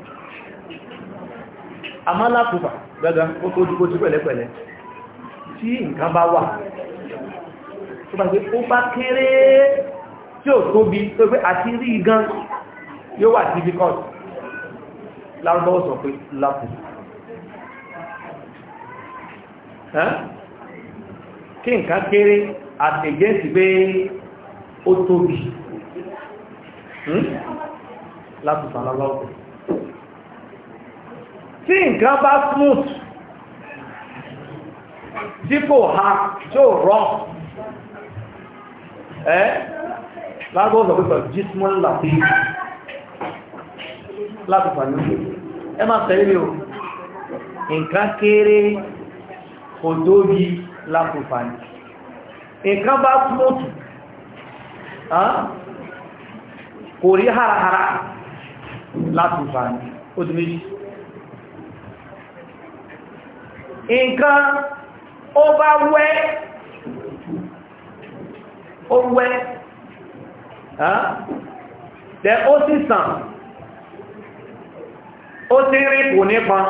A: àmọ́ lápò gbẹ́gbẹ́ ó tó dúkó sí pẹ̀lẹ́pẹ̀lẹ́ tí nǹkan bá wà tó bá gbé ó bá kéré tí ó tóbi tó gbé àti rí gan yóò wà difficult lárúbọ́wọ́ sọ pé lápù kí nǹkan kéré àtẹ̀gẹ́sì pé ó tóbi hmm? lápù sàlọ́lọ́pù tí nǹkan bá smooth tí kò ha tí ó rọ ẹ́ lágbọ́sọ̀ pípọ̀ jísmọ́n láti láti fàní ẹ máa tẹ̀lé mi o nǹkan kéré kò tóbi láti fàní nǹkan bá smooth kò rí harahara láti fàní ó ti méjì nǹkan ó bá wẹ́ ó wẹ́ tẹ ó sì sàn ó ti rí kù nípọn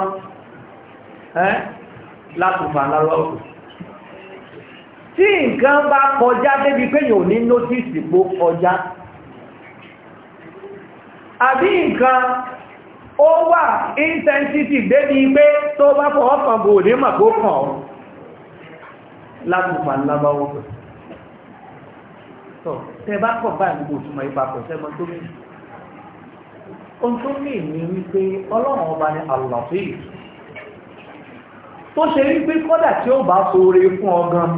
A: látùfà lọ́rọ̀ tí nǹkan bá kọjá débi pé yóò ní nótìsì pó kọjá àbí nǹkan ó wà intensity débi pé tó bá bò ní láti fà lábáwọ́ tọ́ tẹ bá kọ̀ báyìí gbogbo ìtumọ̀ ìpapọ̀ sẹ́mọ tó mí ohun tó mí ní wípé ọlọ́run ọba ni àlọ́fíì tó ṣe wípé kọ́dà tí ó bá sóore fún ọ gan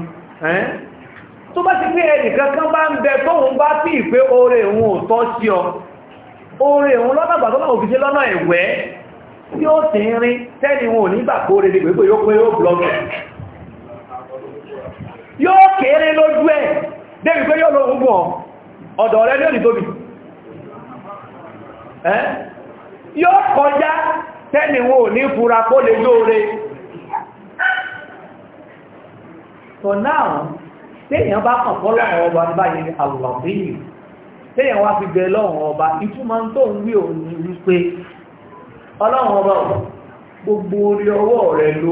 A: tó bá ti pé ẹnìkan kan bá ń bẹ tóun bá sí ìpé oore òun ò tọ́ sí ọ oore òun lọ́nà gbàtọ́lá òfìṣẹ́ lọ́nà ẹ̀wẹ́ tí ó sì ń rí tẹ́ni wọn ò nígbà kóore ní pé yóò pé yóò blọ́ọ̀kì yóò kéré lójú ẹ̀ débi pé yóò lóògùn gùn ọ̀dọ̀ rẹ̀ ní òdìtóbi yóò kọjá tẹ́niwò ní fura kó lè lóore so now tẹ́yàn bá kàn fọ́lọ́ ọba báyìí alọ́bíyì tẹ́yàn wá fi bẹ̀ẹ́ lọ́wọ́ ọba ìtumọ̀ tó ń wí òun wípé ọlọ́wọ́ ọba gbogbo orí ọwọ́ rẹ̀ ló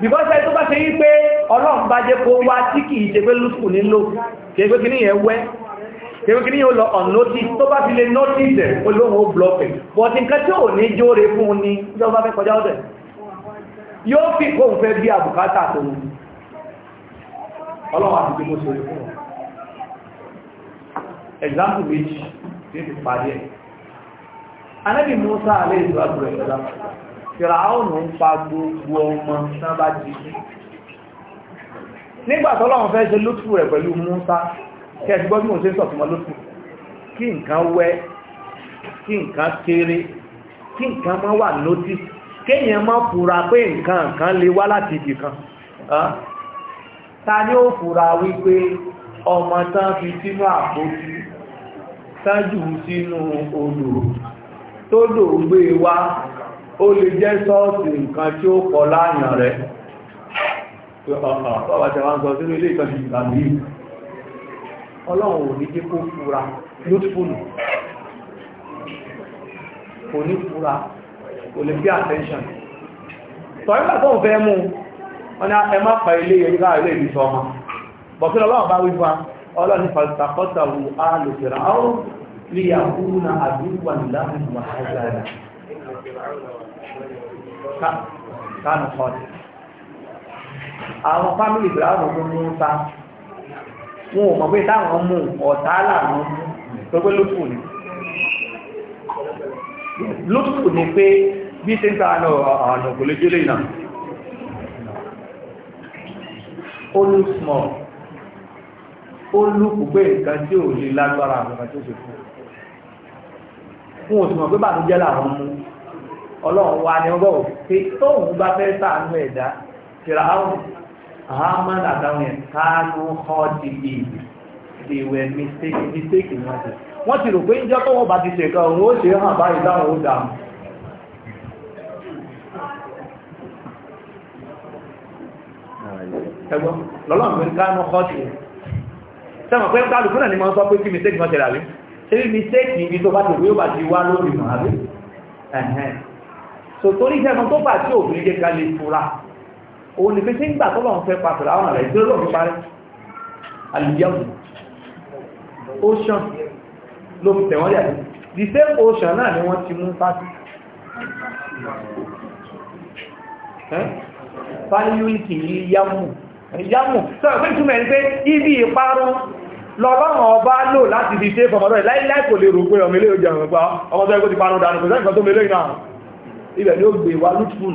A: bíkọ́sẹ̀ tó bá ṣe yí pé ọlọ́run bá jẹ́ kó wá tí kìí ṣe pé lùsùkù nílò kéèkéé kí ní yẹn wẹ́ kéèkéé kí ní yóò lọ ọ̀nọ́tí tó bá fi lè nọ́tí ìzẹ̀ olóhun ó blọ́pẹ̀ bọ̀tí nǹkan tí ò ní jóore fún un ní ìjọba fẹ́ kọjá ọ̀dẹ̀ yóò fi kóhun fẹ́ bí àbùkátà tó wù example fìràáùnù ń pa gbogbo ọmọ tán bá jí sí nígbà tọ́lọ́run fẹ́ ṣe lótú rẹ̀ pẹ̀lú Músà kẹsìgbọ́ bí mo ṣe sọ̀tùmọ́ lótú kí nǹkan wẹ́ kí nǹkan kéré kí nǹkan má wà lótí kéèyàn má fura pé nǹkan kan lè wá láti ibì kan ta ni ó fura wípé ọmọ tán fi sínú àpótí tán jù sínú odò tó dò gbé e wá ó lè jẹ́ sọ́ọ̀sì nǹkan tí ó kọ láàyàn rẹ̀ ọlọ́run ò ní jẹ́ kó fura lótfúnù kò ní fura kò lè bí attention tọ́rígbà tó ń fẹ́ mú wọn ni ẹ má pa ilé ẹgbà ilé ìbí sọ ọmọ bọ̀tí ọlọ́run bá wípa ọlọ́run falsafọ́tàwò alòfẹ́ra ọ́ ní yàkúrú na àdúgbà nílá kánù kọ́ọ̀tì àwọn fámìlì ìbìláàmù tó mú ta wọn ò mọ̀ pé táwọn mú ọ̀tá làwọn mú tó pé lókù ni lókù ni pé bí ṣe ń ta ọ̀nà kò lójú lè nà ó lù small ó lù kò pé nǹkan tí ò lè lágbára àwọn ọmọ tó ṣe fún wọn ò sì mọ̀ pé bàtújẹ́ làwọn mú ọlọ́run wa ni ọgbọ́n pé tóun bá fẹ́ sàánú ẹ̀dá fìràhùn ahmad àtàwọn yẹn káàlù họ́ọ̀dì ìlú they were mistake mistake wọ́n ti wọ́n ti rò pé ìjọ tó wọ́n bá ti ṣe kan òun ó ṣe hàn báyìí láwọn ó dàmú ẹgbọ́n lọ́lọ́run pé káàlù họ́ọ̀dì ìlú sẹ́wọ̀n pé káàlù fúnà ni mo sọ pé kí mistake wọ́n ṣe rà rí ṣe mistake ibi tó bá ti wá lórí màá rí tòtórí ìṣẹ́gun tó bà tí òfin jẹ́ ká lè fura òun lè fi tí ń gbà tọ́lọ̀ ń fẹ́ papọ̀ láwọn àlẹ́ tí lọ́pù parí alìyàwó ocean ló fi tẹ̀wọ́n yàtọ̀ the same ocean náà ni wọ́n ti mú fásitì fáyúlìkì ní yámù yámù tó ẹ̀kọ́ ìtumẹ̀ ní pé ibi ìparun lọ́lọ́rùn ọba lò láti fi ṣe fọmọdọ́ ìláìláì kò lè rò pé ọmọ ilé ìjọ àwọn ọmọ tó ẹgbẹ́ ti parun dànù kò sẹ́ ibẹ̀ ni ó gbé wa lútùfún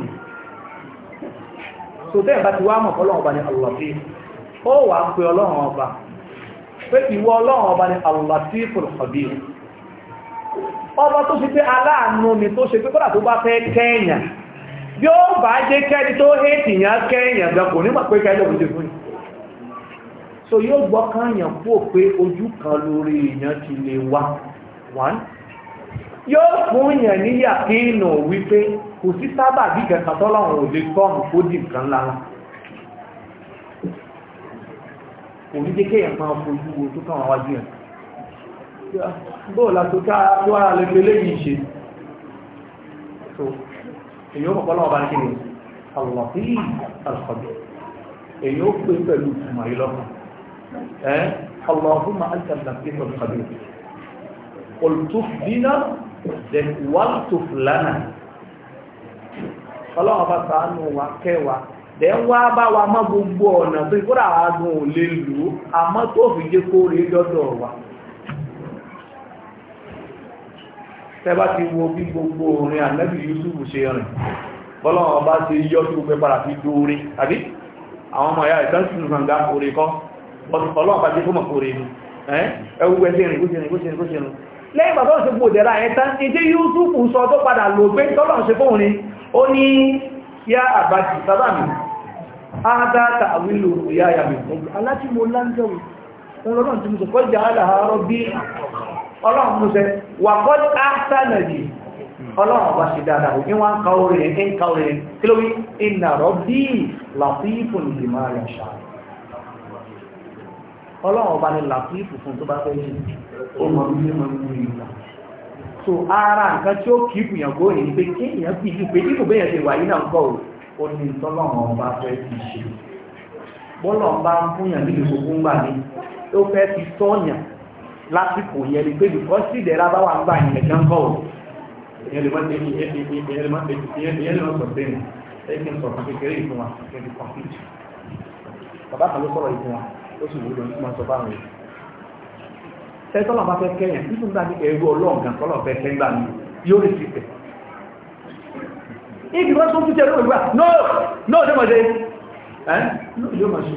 A: so tẹ́ ìbá ti wá mọ̀ ọlọ́run ọba ni alọ́tí ó wà ń pe ọlọ́run ọba pé ìwọ ọlọ́run ọba ni alọ́tí fòlùkọ̀bí ọba tó fi pé aláàánú ni tó ṣe pé tó bá fẹ́ kẹ́yàn yóò bá jẹ́ kẹ́ni tó hẹ́tì yàn kẹ́yàn kò so yóò ojú kan lórí èèyàn yóò fún yẹn ní yàkínù wípé kò sí sábà bí kẹta tọ́lọ́run ò lè fọ́ọ̀mù kó dì nǹkan lára kò ní jẹ́ kéèyàn máa fojú wo tó kàn wájú yẹn bóòlà tó ká tó ara lè fi léyìí ṣe so èyí ó pọ̀pọ̀ lọ́wọ́ bá ní kí ni àlọ́fí àlọ́fí èyí ó pé pẹ̀lú ìtumọ̀ yìí lọ́kàn ẹ́ àlọ́fí máa ń tẹ̀lé àti ìtọ́jú kàdé olùtúfìdínà then wàlùtù fúlànà ọlọ́run bá sàánù wa kẹwàá dẹ̀ wá bá wa gbogbo ọ̀nà tó ìkúrà àádùn ò lè lò tó fi kó rí lọ́dọ̀ wa tẹ́bá ti wo bí gbogbo orin ànábì Yusuf ṣe rìn bá ti yọ́ padà fi àbí àwọn ọmọ ìtàn orin ọlọ́run bá ti fọ́mọ̀ orin lẹ́yìn bàbá òsè gbòdẹ̀rà ẹ̀ta ìdí Yúsùfù sọ tó padà lò pé tọ́lọ̀ ṣe fóun ni ó ní yá àbájì sábà mi ádá tàwílò ìyá àyàmì aláti mo láńdẹ̀wò ọlọ́run tí mo sọ kọjá aláàárọ̀ bí ọlọ́run mo sẹ wà kọ́ ásánàlì ọlọ́run bá ṣe dáadáa òní wá ń ka orin ẹ̀ ọlọ́run ọba ni làtífù fún tó bá fẹ́ jù ó mọ̀ ní mọ̀ ní ìlà so ara nǹkan tí ó kìí fìyàn kó èyí pé kí èyàn fi ìlú pé dípò bẹ́yẹn ṣe wà yìí náà kọ́ ò ní tọ́lọ́run ọba fẹ́ ti ṣe bọ́lọ̀ bá ń fúnyàn níbi gbogbo ń gbà ní ó fẹ́ fi tọ́yàn lásìkò yẹn ni pé bìkọ́ sí ìdẹ̀ra bá wà ń gbà yẹn kan kọ́ ò ìyẹn lè má ṣe ìyẹn lè má ṣe ìyẹn lè má sọ bẹ́ẹ̀ bàbá kan ló sọ̀rọ̀ ìfún wa ó sì wúlò máa sọ báwọn yìí tẹ́tọ́lọ̀ bá fẹ́ kẹ́yàn nítorí bá ní ẹ̀rú ọlọ́ọ̀gàn tọ́lọ̀ fẹ́ kẹ́ngbà ní yóò rí sípẹ̀ ibi wọ́n tún tún tẹ́rù ìwà náà náà jẹ́ mọ̀dé ẹ́ yóò mọ̀ sí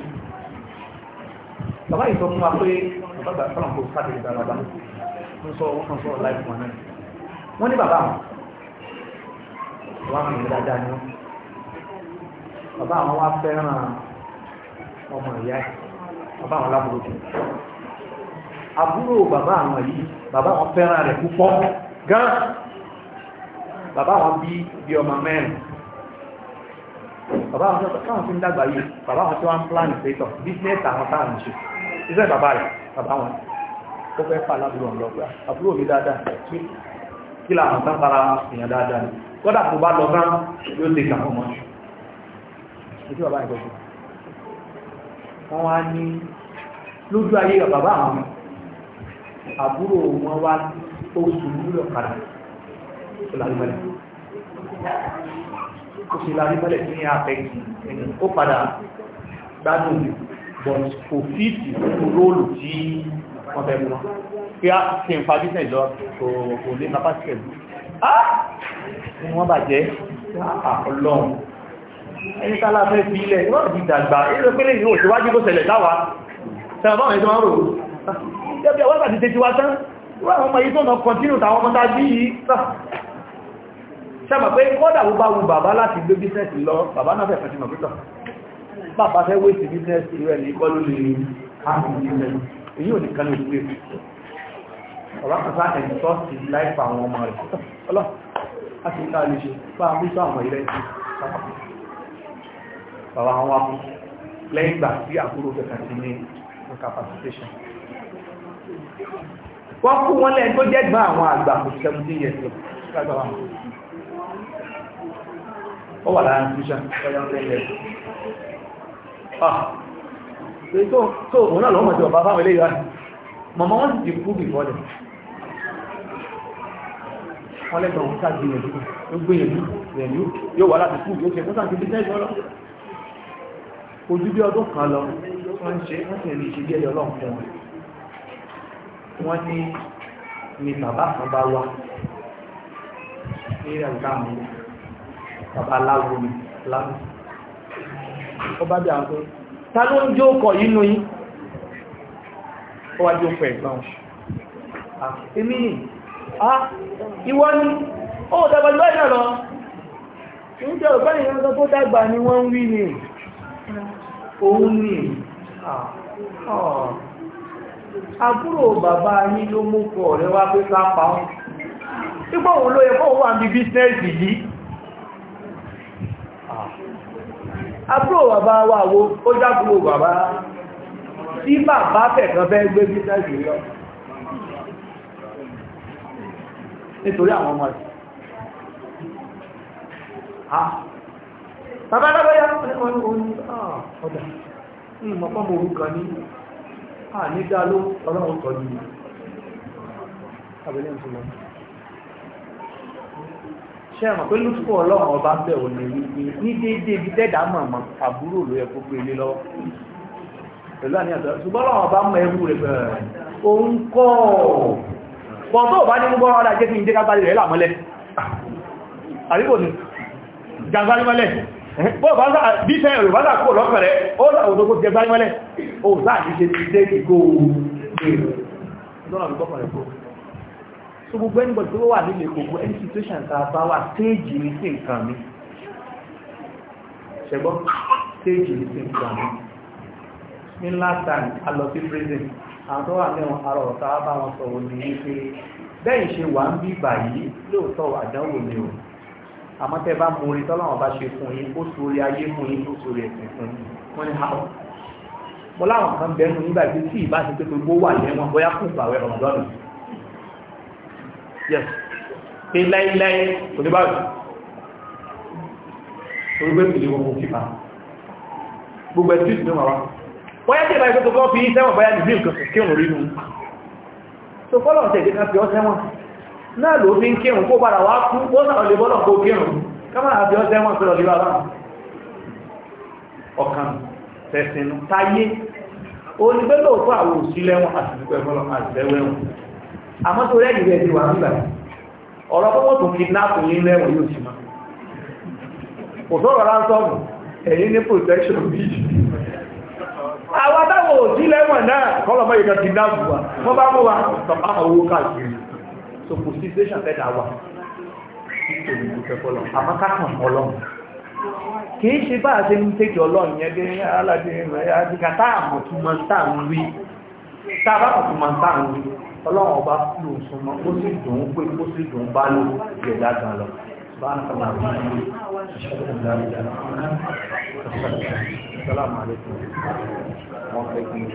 A: bàbá ìtọ́ fún wa pé bàbá ìfọ́lọ̀n kò sáà tẹ̀lé bàbá ń sọ wọ́n sọ láìpù wọn náà wọ́n ní bàbá wọn ni àwọn wá fẹ́ràn ọmọ ìyá ẹ̀ bàbá àwọn lábúrò jù àbúrò bàbá àwọn yìí bàbá àwọn fẹ́ràn rẹ̀ púpọ̀ gan bàbá àwọn bí bí ọmọ mẹ́rin bàbá àwọn káwọn fi ń dàgbà yìí bàbá àwọn tí wọ́n ń plan ìpẹ́tọ̀ business àwọn táwọn ṣe iṣẹ́ bàbá rẹ̀ bàbá wọn ó fẹ́ fà lábúrò ọ̀rọ̀ pé àbúrò mi dáadáa kí làwọn tán fara èèyàn dáadáa ni kódà kò bá lọ tán yóò ti kà ọmọ ṣe bàbá ìgbẹ́jọ́ wọ́n wá ní lójú ayé bàbá àwọn àbúrò wọn wá oṣù lúlọ kàdà ìlàrímọ́lẹ̀ oṣù ìlàrímọ́lẹ̀ tí ní àfẹ́kì ẹni ó padà gbádùn but kò fíìtì fún róòlù tí wọ́n fẹ́ mú wọn pé á kí n fa bísẹ̀ lọ kò lè kápásítẹ̀ lù á wọ́n bàjẹ́ ọlọ́run ẹni tálá fẹ́ fi ilẹ̀ wọ́n ti dàgbà ilẹ̀ pẹ́lẹ̀ ìwò ìṣíwájú tó ṣẹlẹ̀ láwá tẹ́lọ̀bọ́n ẹ̀tọ́ máa rò jẹ́bí àwọn àti tẹ́tíwá tán wọ́n àwọn ọmọ yìí tó nà kọntínú tàwọn ọmọdá bí i sáàmà pé kọ́dà wó bá wù bàbá láti gbé bísẹ́ẹ̀sì lọ bàbá náà fẹ́ fẹ́ símọ̀ pítọ̀ bàbá fẹ́ wé sí bísẹ́ẹ̀sì rẹ̀ ní kọ́ ló lè áàrùn bísẹ́ẹ̀sì èyí ò ní kan ní òkú èkó ọ̀rọ̀ kàtà ẹ̀dì tọ́sí láìpà àwọn ọmọ rẹ̀ ọlọ́ bàbá wọn wá mú lẹ́yìn ìgbà tí àbúrò kẹta ti ní incapacitation wọ́n kú wọn lẹ́yìn tó jẹ́ gbà àwọn àgbà kò seventeen years lọ lágbà wọn
B: ó wà lára institution lọ́yọ́ lẹ́yìn lẹ́yìn
A: ah tó òun náà lọ́mọ̀ tí ọba báwọn eléyìí wáyé mọ̀mọ́ wọ́n ti kú bí fọ́lẹ̀ wọ́n lẹ́gbọ̀n wọn ká gbìyànjú gbìyànjú yóò wà láti kú yóò ṣe fún sáà ojú bí ọdún kan lọ wọ́n ṣe wọ́n sì rí ìṣe díẹ̀ lọ́wọ́ fún wọn wọ́n ní ni bàbá kan bá wá ní ẹ̀ka mi bàbá aláwo mi lábẹ́ ó bá bí àwọn pé ta ló ń jó ọkọ̀ yìí nu yín ó wá jó ọkọ̀ ẹ̀gbọ́n èmi ni ó dàgbà ni wọ́n ń wí ni òun ni àbúrò bàbá yín ló mú kọ ọ̀rẹ́ wá pé sápa wọn ipò òun ló yẹ kó wà ní bísínẹ́sì yìí àbúrò bàbá wa wo ó jábúrò bàbá tí bàbá fẹ̀kan fẹ́ gbé bísínẹ́sì lọ nítorí àwọn ọmọ bàbá alábẹ́yà wọ́n ní oní ah, ọ̀dà ní ìmọ̀pọ̀mọ̀ orúkọ ní ànídá ló ọlọ́run tọ́ ní abẹ́lẹ́ ìtumọ̀ ṣe àmọ̀ pé lùtùkọ̀ ọlọ́run ọba ń bẹ̀wò ní wípé ní déédéé bí dẹ́dà mọ̀mọ́ àbúrò ló yẹ kó gbé ilé lọ́wọ́ pẹ̀lú àní àtọ́ ṣùgbọ́n ọlọ́run ọba mọ ẹrú rẹ̀ bẹ̀rẹ̀ òun kọ́ pọ̀ tó bá ní mú gbọ́rọ̀ ọ̀dà jẹ́ kí n dé ká bá rẹ̀ làmọ́lẹ̀ bífẹ́ ìrùbádà kò lọ́kẹ̀rẹ́ ó láwọn tó jẹ gbáyẹ́mẹ́lẹ̀ ó láàrín ṣe ti dé ìgò ní last time a lọ sí prison àwọn tó wà mẹ́wọ̀n àrọ̀ ọ̀tá bá wọn sọ̀rọ̀ ní wípé bẹ́ẹ̀ ṣe wà ń bí ìgbà yìí lóòótọ́ àdánwò ni ohun àmọ́ tẹ́ bá mú orí tọ́lọ́wọ́n bá ṣe fún yín ó sórí ayé mú yín ó sórí ẹ̀sìn fún yín wọ́n ní hàn mo láwọn kan bẹ́ẹ̀ nù nígbà tí ìbá ti pé gbogbo wà lẹ́wọ̀n bóyá kù gbàwẹ̀ ọ̀dọ́nù yes pé láíláí kò ní báyìí orúgbé ìlú gbogbo fífa gbogbo ẹ̀tí ìsinmi wà wá bóyá tí ìbá ìgbẹ́ tó fọ́ fi sẹ́wọ̀n bóyá nìbí nǹkan kí òun náà ló nke ń kírùn kó padà wá kú ó sàrọ̀ lè bọ́lọ̀ kó kírùn kámà àti ọ́sẹ́ wọ́n sọ̀rọ̀ lè bàbá ọkàn tẹ̀sìnú táyé onígbẹ́lò fún àwọn òsílẹ̀wọ̀n àti ìpẹ̀fọ́lọ́ àti ẹwẹ́wọ̀n àmọ́ àwọn táwọn náà kọ́lọ̀mọ́ wà wọ́n bá wa so kò sí station fẹ́ dà wà títò ní ìlú fẹ́fọ́ lọ àmọ́ ká kàn mọ́ lọ́wọ́
B: kì í ṣe bá a ṣe ń
A: tètè ọlọ́run yẹn dé aládé rẹ̀ àdìgà tá a mọ̀ tún mọ́ tá rí tá a bá mọ̀ tún rí ọlọ́run ọba fún òun sún mọ́ ó sì dùn ún pé ó sì dùn ún bá ló yẹ̀ dáadáa lọ. السلام
B: عليكم ورحمة الله